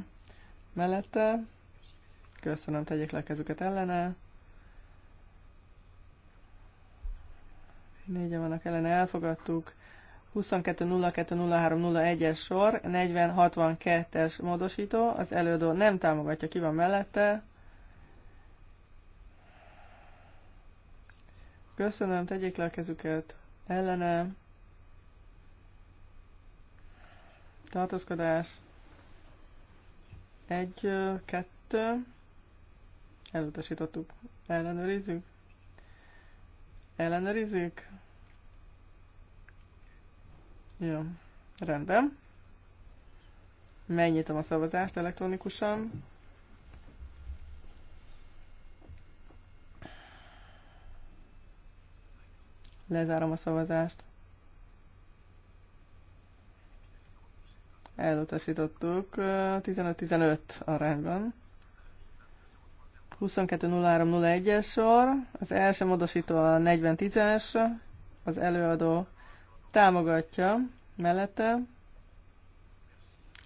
mellette. Köszönöm, tegyék le kezüket ellene. Négyen vannak ellene, elfogadtuk. 22.02.03.01-es sor, 40.62-es módosító, az előadó nem támogatja, ki van mellette. Köszönöm, tegyék le a kezüket. Ellene. Tartózkodás. Egy, kettő. Elutasítottuk. Ellenőrizzük. Ellenőrizzük. Jó, rendben. Megnyitom a szavazást elektronikusan. Lezárom a szavazást. Elutasítottuk 15-15 arányban. 22.03.01-es sor, az első módosító a 10 es az előadó támogatja mellette.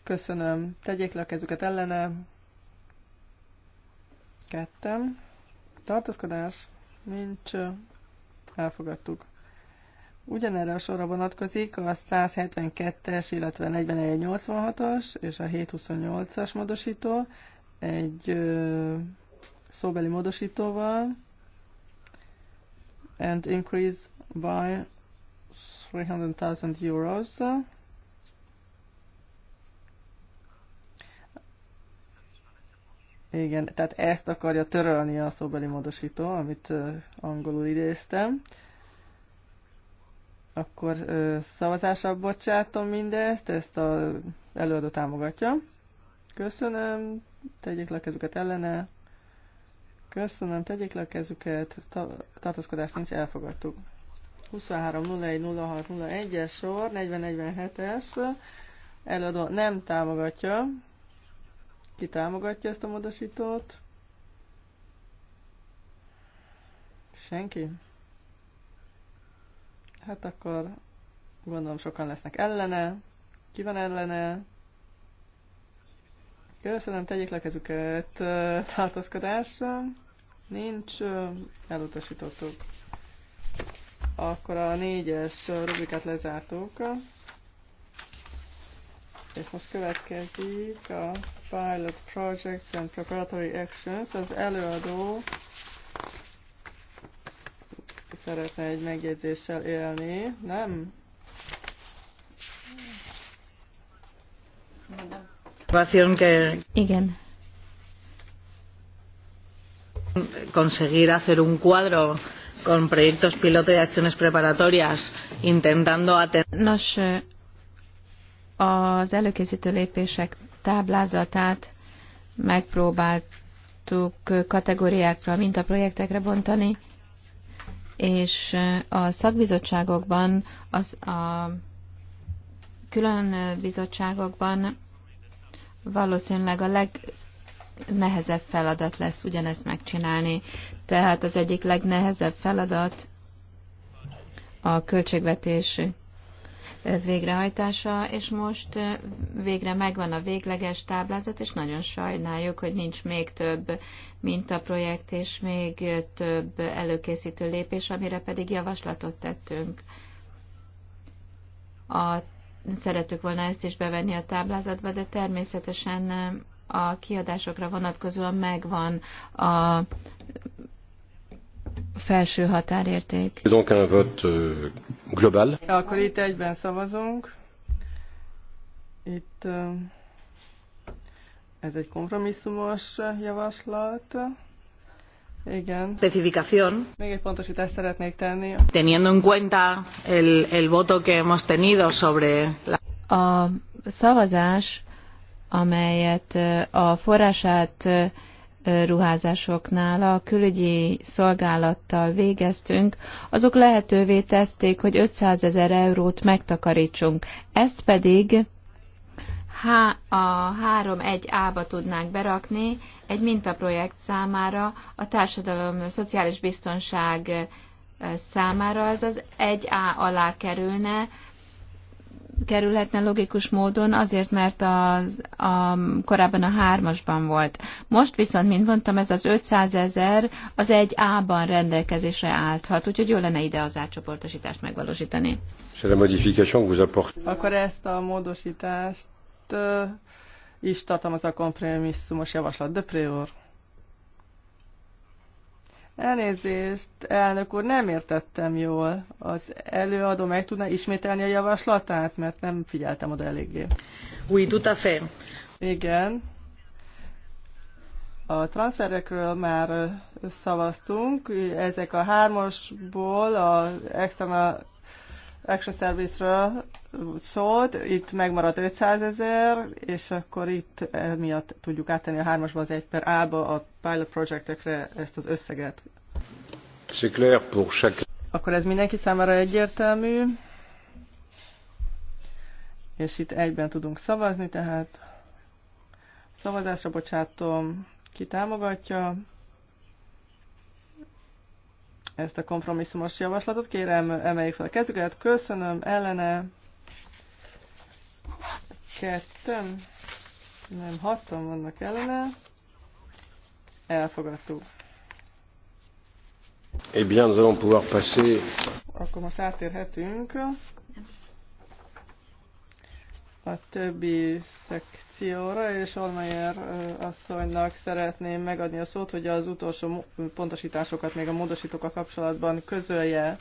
Köszönöm. Tegyék le a kezüket ellene. Kettem. Tartózkodás. Nincs elfogadtuk. Ugyanerre a sorra vonatkozik a 172-es, illetve 4186-os és a 728-as módosító egy ö, szóbeli módosítóval and increase by 300,000 euros Igen, tehát ezt akarja törölni a szóbeli módosító, amit angolul idéztem. Akkor szavazásra bocsátom mindezt, ezt az előadó támogatja. Köszönöm, tegyék le a kezüket ellene. Köszönöm, tegyék le a kezüket, Ta- tartózkodás nincs, elfogadtuk. 23.01.06.01-es sor, 40.47-es, előadó nem támogatja, ki támogatja ezt a módosítót? Senki? Hát akkor gondolom sokan lesznek ellene. Ki van ellene? Köszönöm, tegyék le kezüket tartózkodásra. Nincs, elutasítottuk. Akkor a négyes rubrikát lezártuk. És most következik a Pilot Projects and Preparatory Actions. Az előadó szeretne egy megjegyzéssel élni, nem? Igen. Conseguir hacer un cuadro con proyectos piloto y acciones preparatorias intentando atender. Nos, az előkészítő lépések táblázatát megpróbáltuk kategóriákra, mintaprojektekre bontani, és a szakbizottságokban, az, a külön bizottságokban valószínűleg a legnehezebb feladat lesz ugyanezt megcsinálni. Tehát az egyik legnehezebb feladat a költségvetés végrehajtása, és most végre megvan a végleges táblázat, és nagyon sajnáljuk, hogy nincs még több mintaprojekt, és még több előkészítő lépés, amire pedig javaslatot tettünk. A, szeretük volna ezt is bevenni a táblázatba, de természetesen a kiadásokra vonatkozóan megvan a felső határérték. Donc un vote euh, global. Akkor itt egyben szavazunk. Itt ez egy kompromisszumos javaslat. Igen. Specificación. Még egy pontosítást szeretnék tenni. Teniendo en cuenta el, el voto que hemos tenido sobre la... A szavazás, amelyet a forrását ruházásoknál a külügyi szolgálattal végeztünk, azok lehetővé tették, hogy 500 ezer eurót megtakarítsunk. Ezt pedig a a 1 ába tudnánk berakni egy mintaprojekt számára, a társadalom a szociális biztonság számára, az az 1A alá kerülne, kerülhetne logikus módon, azért, mert az, a, korábban a hármasban volt. Most viszont, mint mondtam, ez az 500 ezer az egy A-ban rendelkezésre állhat, úgyhogy jó lenne ide az átcsoportosítást megvalósítani. Akkor ezt a módosítást is tartalmaz a kompromisszumos javaslat. De prior. Elnézést, elnök úr, nem értettem jól. Az előadó meg tudná ismételni a javaslatát, mert nem figyeltem oda eléggé. Oui, tout à Igen. A transferekről már szavaztunk. Ezek a hármasból, a external extra service-ről szólt, itt megmaradt 500 ezer, és akkor itt miatt tudjuk áttenni a hármasba az egy per a a pilot projektekre ezt az összeget. clair pour chaque... Akkor ez mindenki számára egyértelmű, és itt egyben tudunk szavazni, tehát szavazásra bocsátom, ki támogatja, ezt a kompromisszumos javaslatot. Kérem, emeljük fel a kezüket. Köszönöm, ellene. Ketten. Nem, hatan vannak ellene. Elfogadtuk. Eh bien, nous allons pouvoir passer. Akkor most átérhetünk a többi szekcióra, és Olmayer asszonynak szeretném megadni a szót, hogy az utolsó pontosításokat még a módosítókkal kapcsolatban közölje.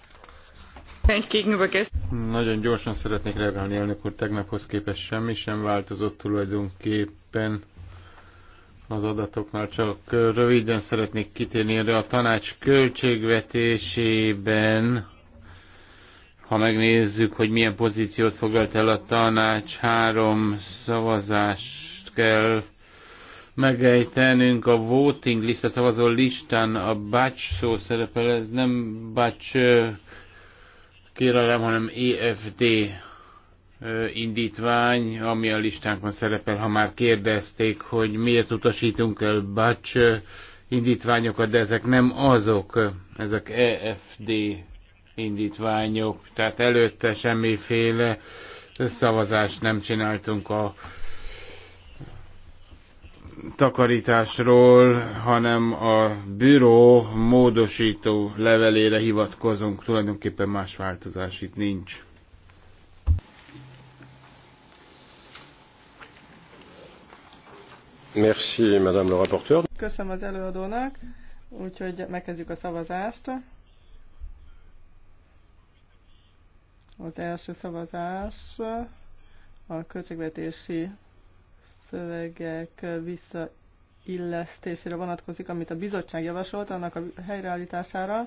Nagyon gyorsan szeretnék reagálni, elnök úr, tegnaphoz képest semmi sem változott tulajdonképpen az adatoknál, csak röviden szeretnék kitérni erre a tanács költségvetésében ha megnézzük, hogy milyen pozíciót foglalt el a tanács, három szavazást kell megejtenünk a voting a szavazó listán a batch szó szerepel, ez nem batch kérelem, hanem EFD indítvány, ami a listánkon szerepel, ha már kérdezték, hogy miért utasítunk el batch indítványokat, de ezek nem azok, ezek EFD indítványok, tehát előtte semmiféle szavazást nem csináltunk a takarításról, hanem a büró módosító levelére hivatkozunk, tulajdonképpen más változás itt nincs. Merci, Madame le rapporteur. Köszönöm az előadónak, úgyhogy megkezdjük a szavazást. Az első szavazás a költségvetési szövegek visszaillesztésére vonatkozik, amit a bizottság javasolt annak a helyreállítására.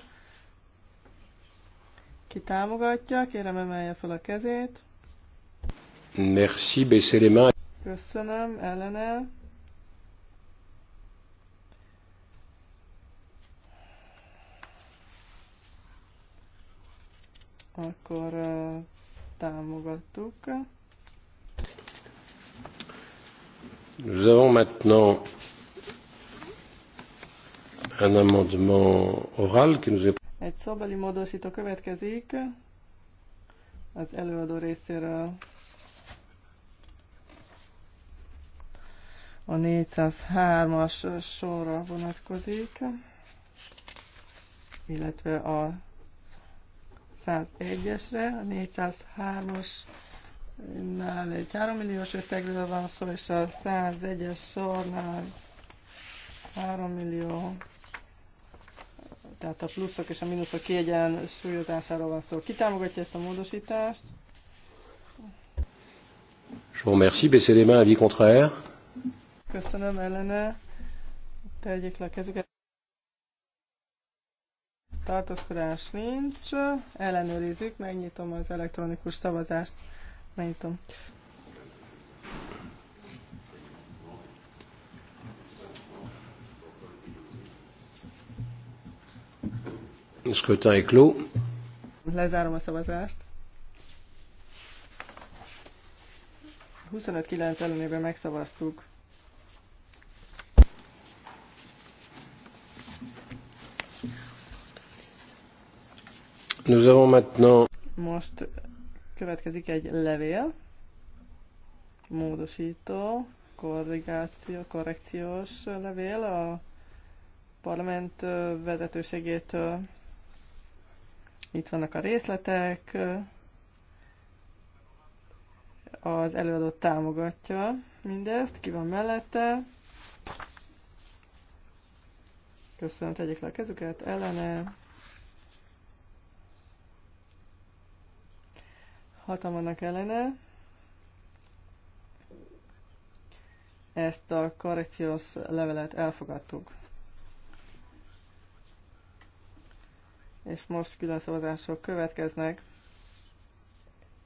Ki támogatja, kérem emelje fel a kezét. Merci, baissez les mains. Köszönöm, ellene. akkor támogattuk. Nous avons maintenant un amendement oral qui nous est... Egy szóbeli módosító következik az előadó részéről. A 403-as sorra vonatkozik, illetve a 401-esre, a 403 nál egy 3 milliós összegről van szó, és a 101-es sornál 3 millió, tehát a pluszok és a mínuszok kiegyen súlyozásáról van szó. Ki támogatja ezt a módosítást? Je vous remercie. Baissez les mains, avis contraire. Köszönöm, Elena. Tegyék le a kezüket tartózkodás nincs, ellenőrizzük, megnyitom az elektronikus szavazást, megnyitom. Lezárom a szavazást. 25-9 ellenében megszavaztuk. Nous avons maintenant... Most következik egy levél, módosító, korrigáció, korrekciós levél a parlament vezetőségétől. Itt vannak a részletek, az előadó támogatja mindezt, ki van mellette. Köszönöm, tegyék le a kezüket, ellene Hatan vannak ellene. Ezt a korrekciós levelet elfogadtuk. És most külön szavazások következnek.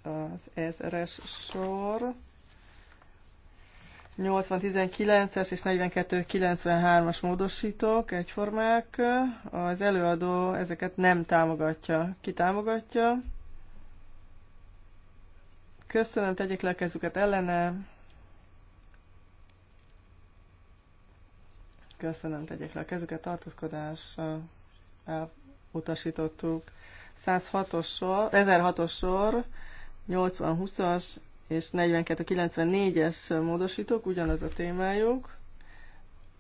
Az ezeres sor. 80-19-es és 42-93-as módosítók egyformák. Az előadó ezeket nem támogatja. Ki támogatja? Köszönöm, tegyék le a kezüket ellene. Köszönöm, tegyék le a kezüket, tartózkodás. Elutasítottuk. 106-os sor, 1006-os sor, 80-20-as és 42-94-es módosítók, ugyanaz a témájuk.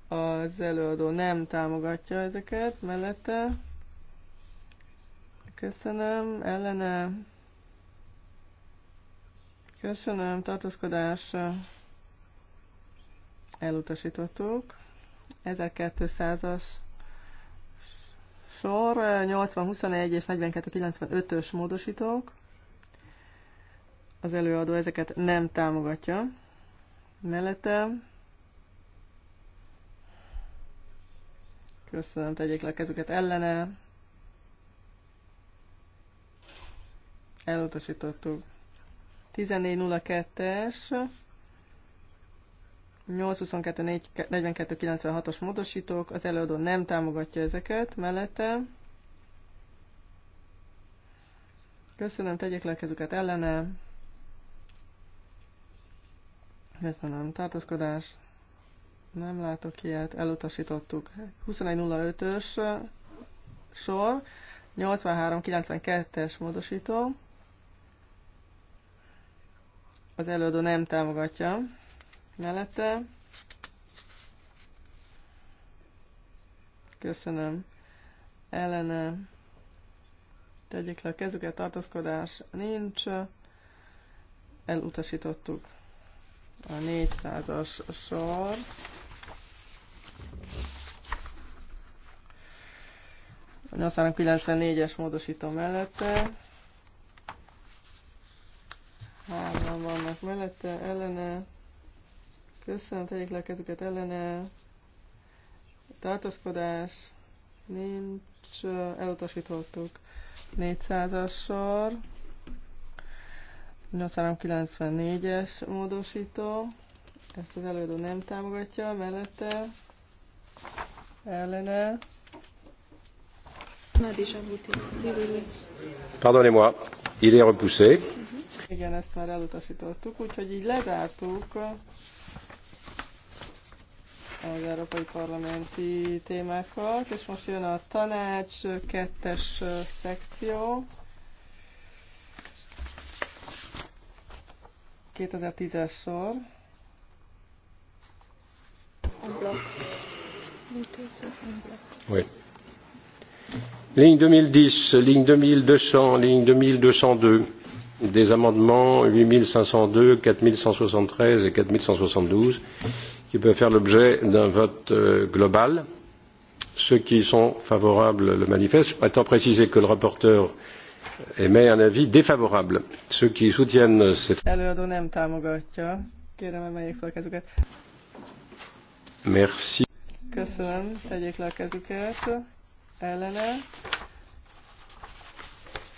Az előadó nem támogatja ezeket mellette. Köszönöm, ellene Köszönöm, tartózkodás elutasítottuk. 1200-as sor, 80-21 és 42-95-ös módosítók. Az előadó ezeket nem támogatja. Mellette Köszönöm, tegyék le a kezüket ellene. Elutasítottuk. 1402-es, os módosítók, az előadó nem támogatja ezeket, mellette. Köszönöm, tegyék le a kezüket ellene. Köszönöm, tartózkodás. Nem látok ilyet, elutasítottuk. 21.05-ös sor, 8392 es módosító, az előadó nem támogatja. Mellette. Köszönöm. Ellene. Tegyék le a kezüket, tartózkodás nincs. Elutasítottuk a 400-as sor. A 894-es módosító mellette Hárman vannak mellette, ellene. Köszönöm, tegyék le a kezüket ellene. Tartózkodás. Nincs, elutasítottuk. 400-as sor. 894-es módosító. Ezt az előadó nem támogatja, mellette ellene. Pardonnez-moi, il est repoussé. Igen, ezt már elutasítottuk, úgyhogy így lezártuk az európai parlamenti témákat, és most jön a tanács kettes szekció. 2010-es sor. Oui. Ligne 2010, ligne 2200, ligne 2202 des amendements huit cinq cent deux quatre cent soixante treize et quatre cent soixante douze qui peuvent faire l'objet d'un vote euh, global. ceux qui sont favorables le manifestent. je prétends préciser que le rapporteur émet un avis défavorable. ceux qui soutiennent cette Merci. Köszönöm, tegyék le a kezüket. Ellene.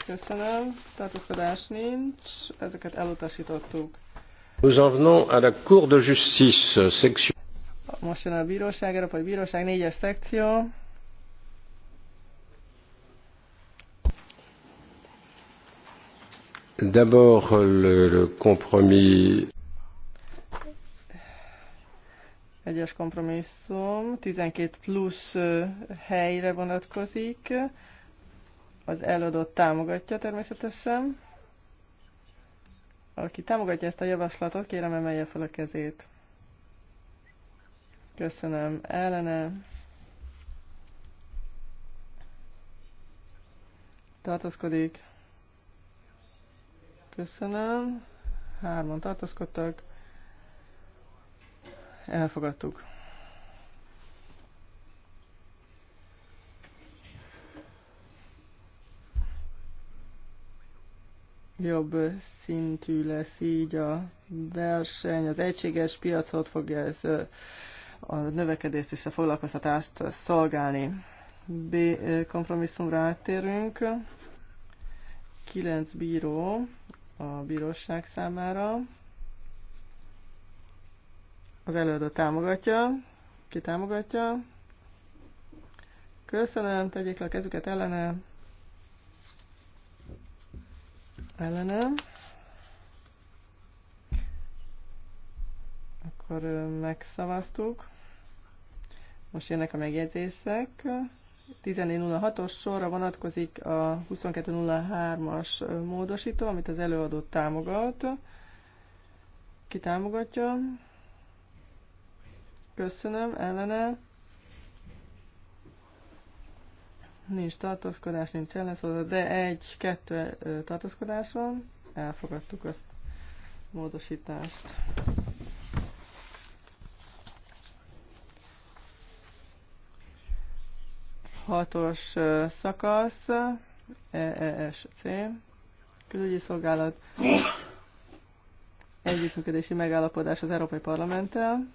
Köszönöm. Tartózkodás nincs. Ezeket elutasítottuk. Nous en venons à la Cour de Justice, section... Most jön a bíróság, Európai Bíróság, négyes szekció. D'abord le, le compromis. Egyes kompromisszum 12 plusz helyre vonatkozik az előadót támogatja természetesen. Aki támogatja ezt a javaslatot, kérem emelje fel a kezét. Köszönöm. Ellene. Tartozkodik. Köszönöm. Hárman tartozkodtak. Elfogadtuk. jobb szintű lesz így a verseny, az egységes piacot fogja ez a növekedést és a foglalkoztatást szolgálni. B kompromisszumra áttérünk. Kilenc bíró a bíróság számára. Az előadó támogatja. Ki támogatja? Köszönöm, tegyék le a kezüket ellene ellenem. Akkor megszavaztuk. Most jönnek a megjegyzések. 14.06-os sorra vonatkozik a 22.03-as módosító, amit az előadó támogat. Ki támogatja? Köszönöm, ellene. Nincs tartózkodás, nincs ellenszavazat, de egy-kettő tartózkodás van. Elfogadtuk azt módosítást. Hatos szakasz, EESC, külügyi szolgálat, együttműködési megállapodás az Európai Parlamenttel.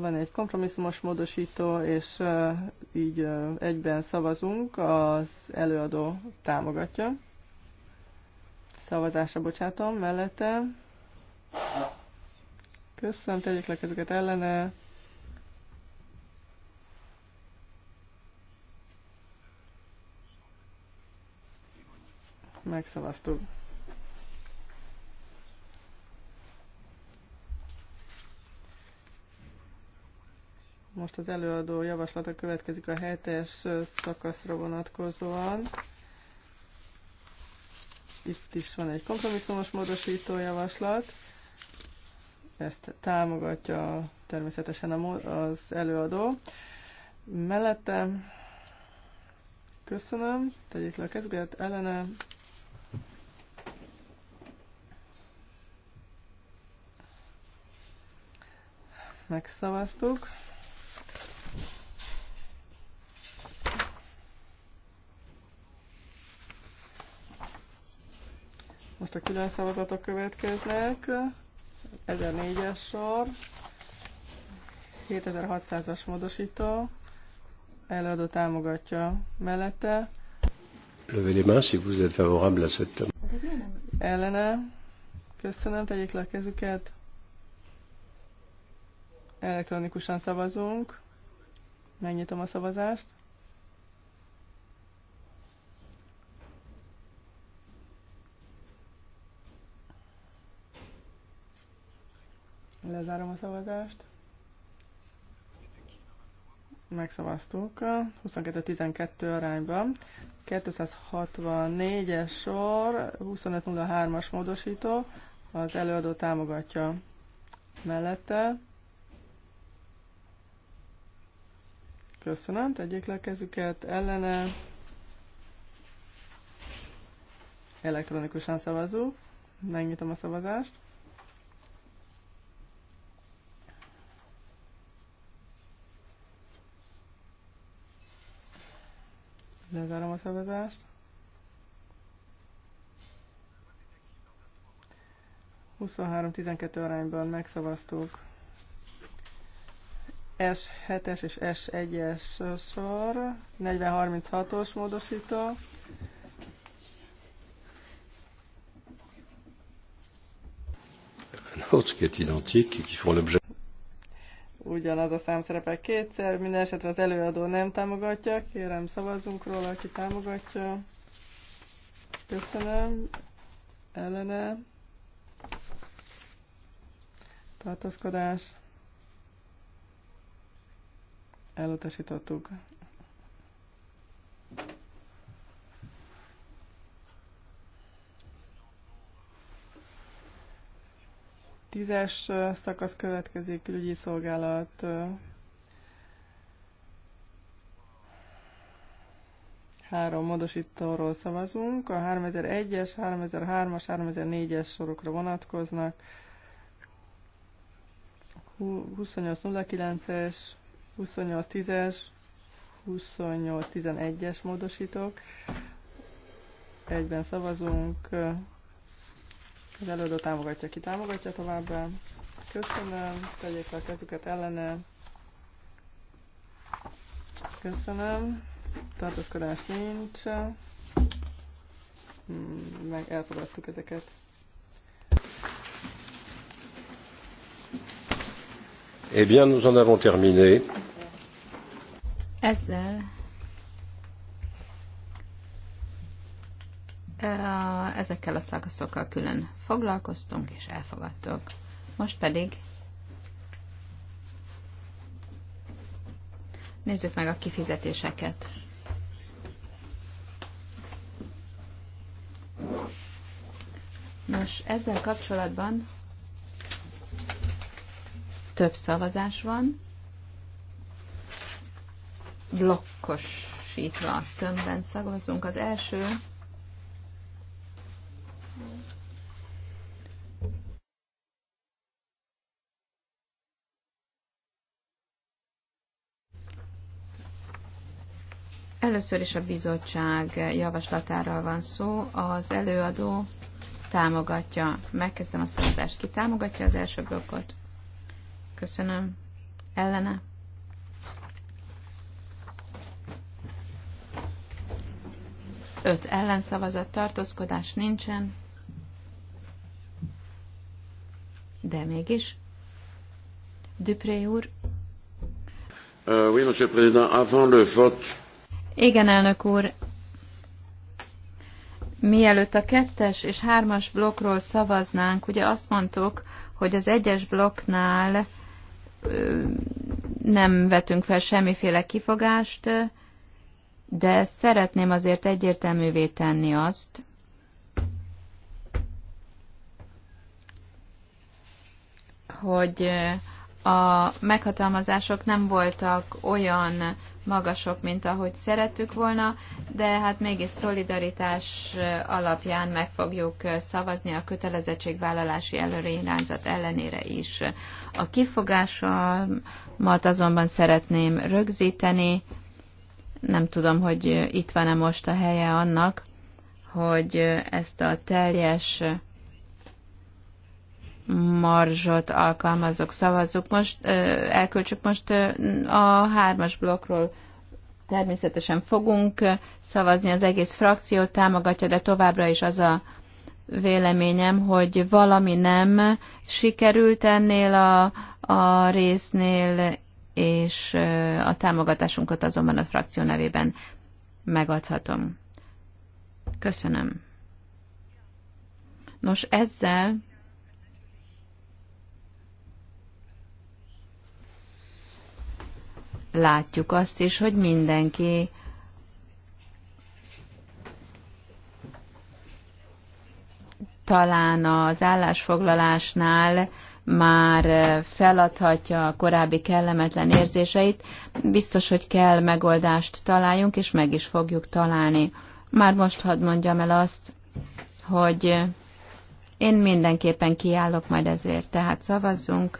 Van egy kompromisszumos módosító, és így egyben szavazunk, az előadó támogatja. Szavazásra bocsátom, mellette. Köszönöm, tegyék le ezeket ellene. Megszavaztuk. Most az előadó javaslata következik a hetes szakaszra vonatkozóan. Itt is van egy kompromisszumos módosító javaslat. Ezt támogatja természetesen az előadó. Mellette köszönöm, tegyék le a kezüket, ellene megszavaztuk. Most a külön szavazatok következnek. 1004-es sor, 7600-as módosító, előadó támogatja mellette. Levez les si vous êtes favorable à cette... Ellene. Köszönöm, tegyék le a kezüket. Elektronikusan szavazunk. Megnyitom a szavazást. Lezárom a szavazást. Megszavaztuk. 22-12 arányban. 264-es sor, 2503-as módosító. Az előadó támogatja mellette. Köszönöm, tegyék le a kezüket, ellene. Elektronikusan szavazó. Megnyitom a szavazást. Lezárom a szavazást. 23-12 arányban megszavaztuk S7-es és S1-es sor, 40-36-os módosító. Autres qui est identique et qui font l'objet ugyanaz a szám szerepel kétszer, minden esetre az előadó nem támogatja, kérem szavazzunk róla, aki támogatja. Köszönöm. Ellene. Tartózkodás. Elutasítottuk. Tízes szakasz következik, külügyi szolgálat. Három módosítóról szavazunk. A 3001-es, 3003-as, 3004-es sorokra vonatkoznak. 2809-es, 2810-es, 2811-es módosítók. Egyben szavazunk. Az előadó támogatja, ki támogatja továbbá. Köszönöm, tegyék fel a kezüket ellene. Köszönöm. Tartózkodás nincs. Hmm, meg elfogadtuk ezeket. Eh bien, nous en avons terminé. Ezzel Eh, ezekkel a szakaszokkal külön foglalkoztunk és elfogadtuk. Most pedig nézzük meg a kifizetéseket. Nos, ezzel kapcsolatban több szavazás van, blokkosítva tömbben szavazunk. Az első Először is a bizottság javaslatáról van szó. Az előadó támogatja, megkezdem a szavazást, ki támogatja az első blokkot. Köszönöm. Ellene. Öt ellenszavazat tartózkodás nincsen. De mégis. Dupré úr. Uh, oui, monsieur le président, avant le vote igen, elnök úr. Mielőtt a kettes és hármas blokkról szavaznánk, ugye azt mondtuk, hogy az egyes blokknál nem vetünk fel semmiféle kifogást, de szeretném azért egyértelművé tenni azt, hogy a meghatalmazások nem voltak olyan magasok, mint ahogy szerettük volna, de hát mégis szolidaritás alapján meg fogjuk szavazni a kötelezettségvállalási előreirányzat ellenére is. A kifogásomat azonban szeretném rögzíteni, nem tudom, hogy itt van-e most a helye annak, hogy ezt a teljes marzsot alkalmazok, szavazzuk. Most elköltsük most a hármas blokkról természetesen fogunk szavazni, az egész frakciót támogatja, de továbbra is az a véleményem, hogy valami nem sikerült ennél a, a résznél, és a támogatásunkat azonban a frakció nevében megadhatom. Köszönöm. Nos, ezzel látjuk azt is, hogy mindenki talán az állásfoglalásnál már feladhatja a korábbi kellemetlen érzéseit, biztos, hogy kell megoldást találjunk, és meg is fogjuk találni. Már most hadd mondjam el azt, hogy én mindenképpen kiállok majd ezért, tehát szavazzunk,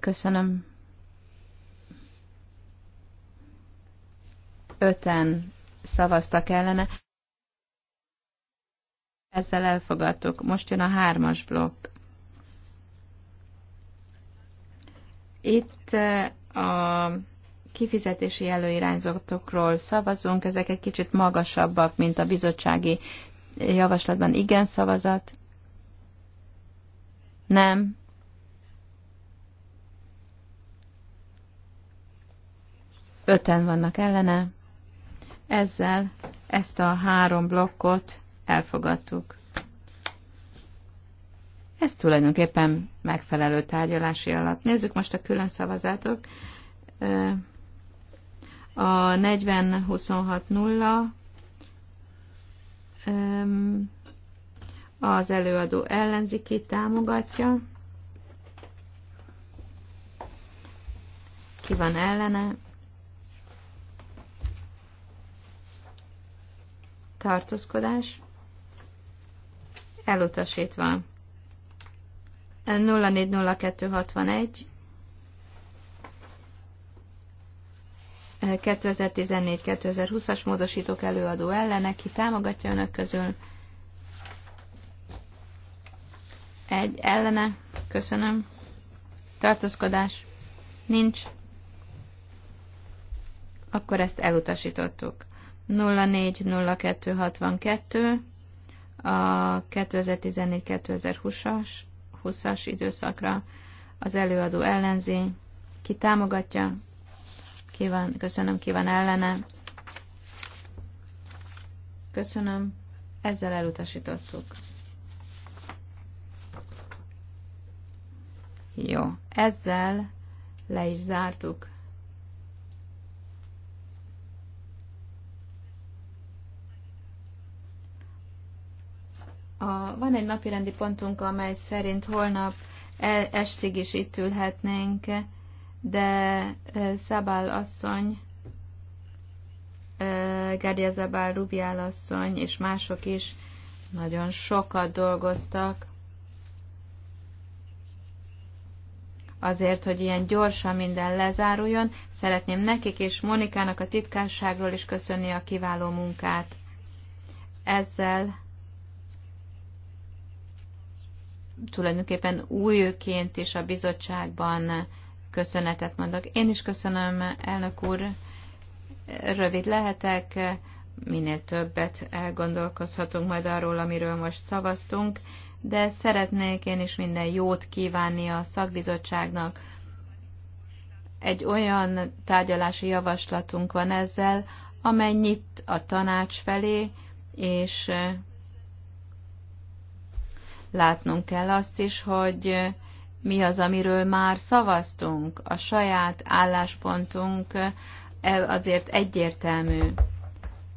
Köszönöm. Öten szavaztak ellene. Ezzel elfogadtuk. Most jön a hármas blokk. Itt eh, a kifizetési előirányzatokról szavazunk, ezek egy kicsit magasabbak, mint a bizottsági javaslatban. Igen szavazat? Nem? öten vannak ellene. Ezzel ezt a három blokkot elfogadtuk. Ez tulajdonképpen megfelelő tárgyalási alap. Nézzük most a külön szavazatok. A 40-26-0 az előadó ellenzéki támogatja. Ki van ellene? tartózkodás elutasítva. 040261 2014-2020-as módosítók előadó ellene, ki támogatja önök közül? Egy ellene, köszönöm. Tartózkodás? Nincs. Akkor ezt elutasítottuk. 040262 a 2014-2020-as időszakra az előadó ellenzi, ki támogatja, ki van, köszönöm, ki van ellene. Köszönöm, ezzel elutasítottuk. Jó, ezzel le is zártuk A, van egy napirendi pontunk, amely szerint holnap el, estig is itt ülhetnénk, de Szabál asszony, Gádia Zabál, Rubiál asszony és mások is nagyon sokat dolgoztak azért, hogy ilyen gyorsan minden lezáruljon. Szeretném nekik és Monikának a titkárságról is köszönni a kiváló munkát. Ezzel tulajdonképpen újként is a bizottságban köszönetet mondok. Én is köszönöm, elnök úr, rövid lehetek, minél többet elgondolkozhatunk majd arról, amiről most szavaztunk, de szeretnék én is minden jót kívánni a szakbizottságnak. Egy olyan tárgyalási javaslatunk van ezzel, amely nyit a tanács felé, és Látnunk kell azt is, hogy mi az, amiről már szavaztunk, a saját álláspontunk eh, azért egyértelmű.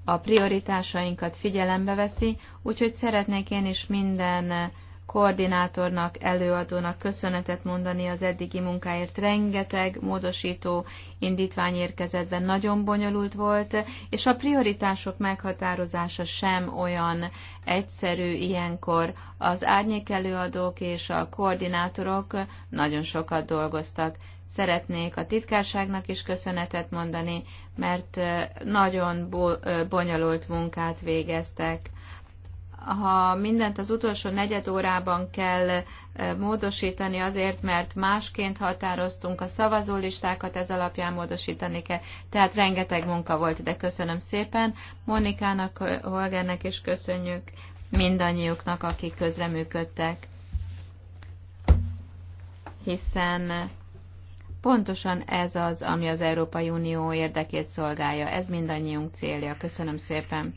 A prioritásainkat figyelembe veszi, úgyhogy szeretnék én is minden koordinátornak, előadónak köszönetet mondani az eddigi munkáért. Rengeteg módosító indítvány érkezetben nagyon bonyolult volt, és a prioritások meghatározása sem olyan egyszerű ilyenkor. Az árnyék előadók és a koordinátorok nagyon sokat dolgoztak. Szeretnék a titkárságnak is köszönetet mondani, mert nagyon bonyolult munkát végeztek ha mindent az utolsó negyed órában kell eh, módosítani azért, mert másként határoztunk a szavazólistákat, ez alapján módosítani kell. Tehát rengeteg munka volt, de köszönöm szépen. Monikának, Holgernek is köszönjük mindannyiuknak, akik közreműködtek. Hiszen pontosan ez az, ami az Európai Unió érdekét szolgálja. Ez mindannyiunk célja. Köszönöm szépen.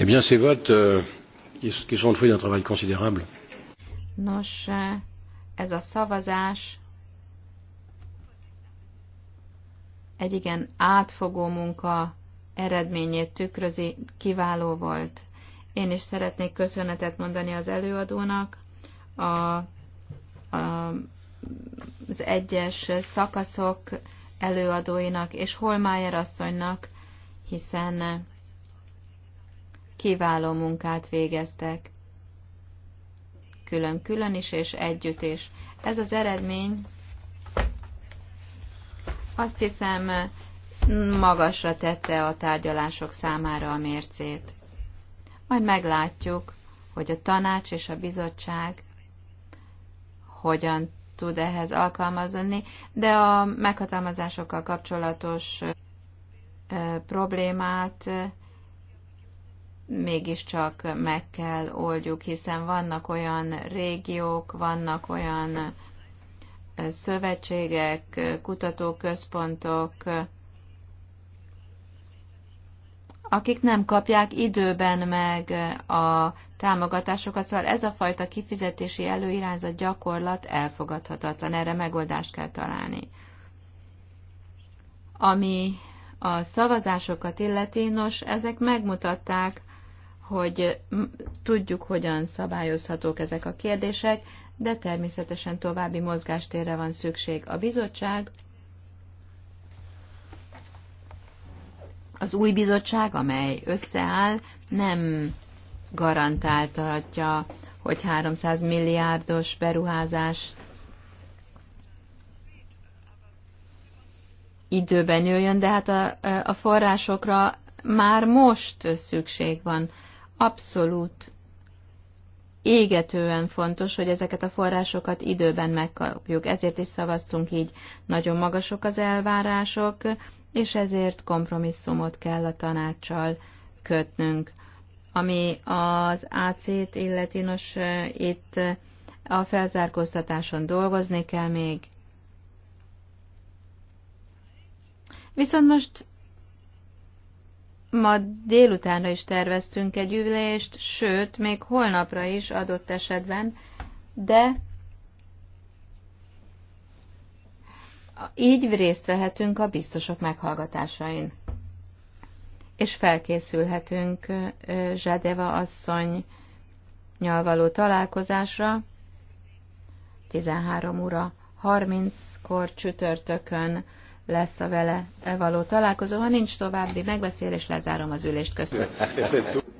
Eh bien, ces votes, euh, qui sont le fruit d'un travail considérable. Nos, euh, ez a szavazás egy igen átfogó munka eredményét tükrözi, kiváló volt. Én is szeretnék köszönetet mondani az előadónak, a, a, az egyes szakaszok előadóinak és Holmájer asszonynak, hiszen kiváló munkát végeztek, külön-külön is és együtt is. Ez az eredmény azt hiszem magasra tette a tárgyalások számára a mércét. Majd meglátjuk, hogy a tanács és a bizottság hogyan tud ehhez alkalmazni, de a meghatalmazásokkal kapcsolatos problémát mégiscsak meg kell oldjuk, hiszen vannak olyan régiók, vannak olyan szövetségek, kutatóközpontok, akik nem kapják időben meg a támogatásokat, szóval ez a fajta kifizetési előirányzat gyakorlat elfogadhatatlan, erre megoldást kell találni. Ami a szavazásokat illeti, nos, ezek megmutatták, hogy tudjuk, hogyan szabályozhatók ezek a kérdések, de természetesen további mozgástérre van szükség. A bizottság, az új bizottság, amely összeáll, nem garantáltatja, hogy 300 milliárdos beruházás időben jöjjön, de hát a, a forrásokra már most szükség van abszolút égetően fontos, hogy ezeket a forrásokat időben megkapjuk. Ezért is szavaztunk így. Nagyon magasok az elvárások, és ezért kompromisszumot kell a tanácssal kötnünk. Ami az AC-t illeti, nos, itt a felzárkóztatáson dolgozni kell még. Viszont most Ma délutánra is terveztünk egy ülést, sőt, még holnapra is adott esetben, de így részt vehetünk a biztosok meghallgatásain. És felkészülhetünk Zsadeva asszony való találkozásra 13 óra 30-kor csütörtökön lesz a vele való találkozó. Ha nincs további megbeszélés, lezárom az ülést. Köszönöm.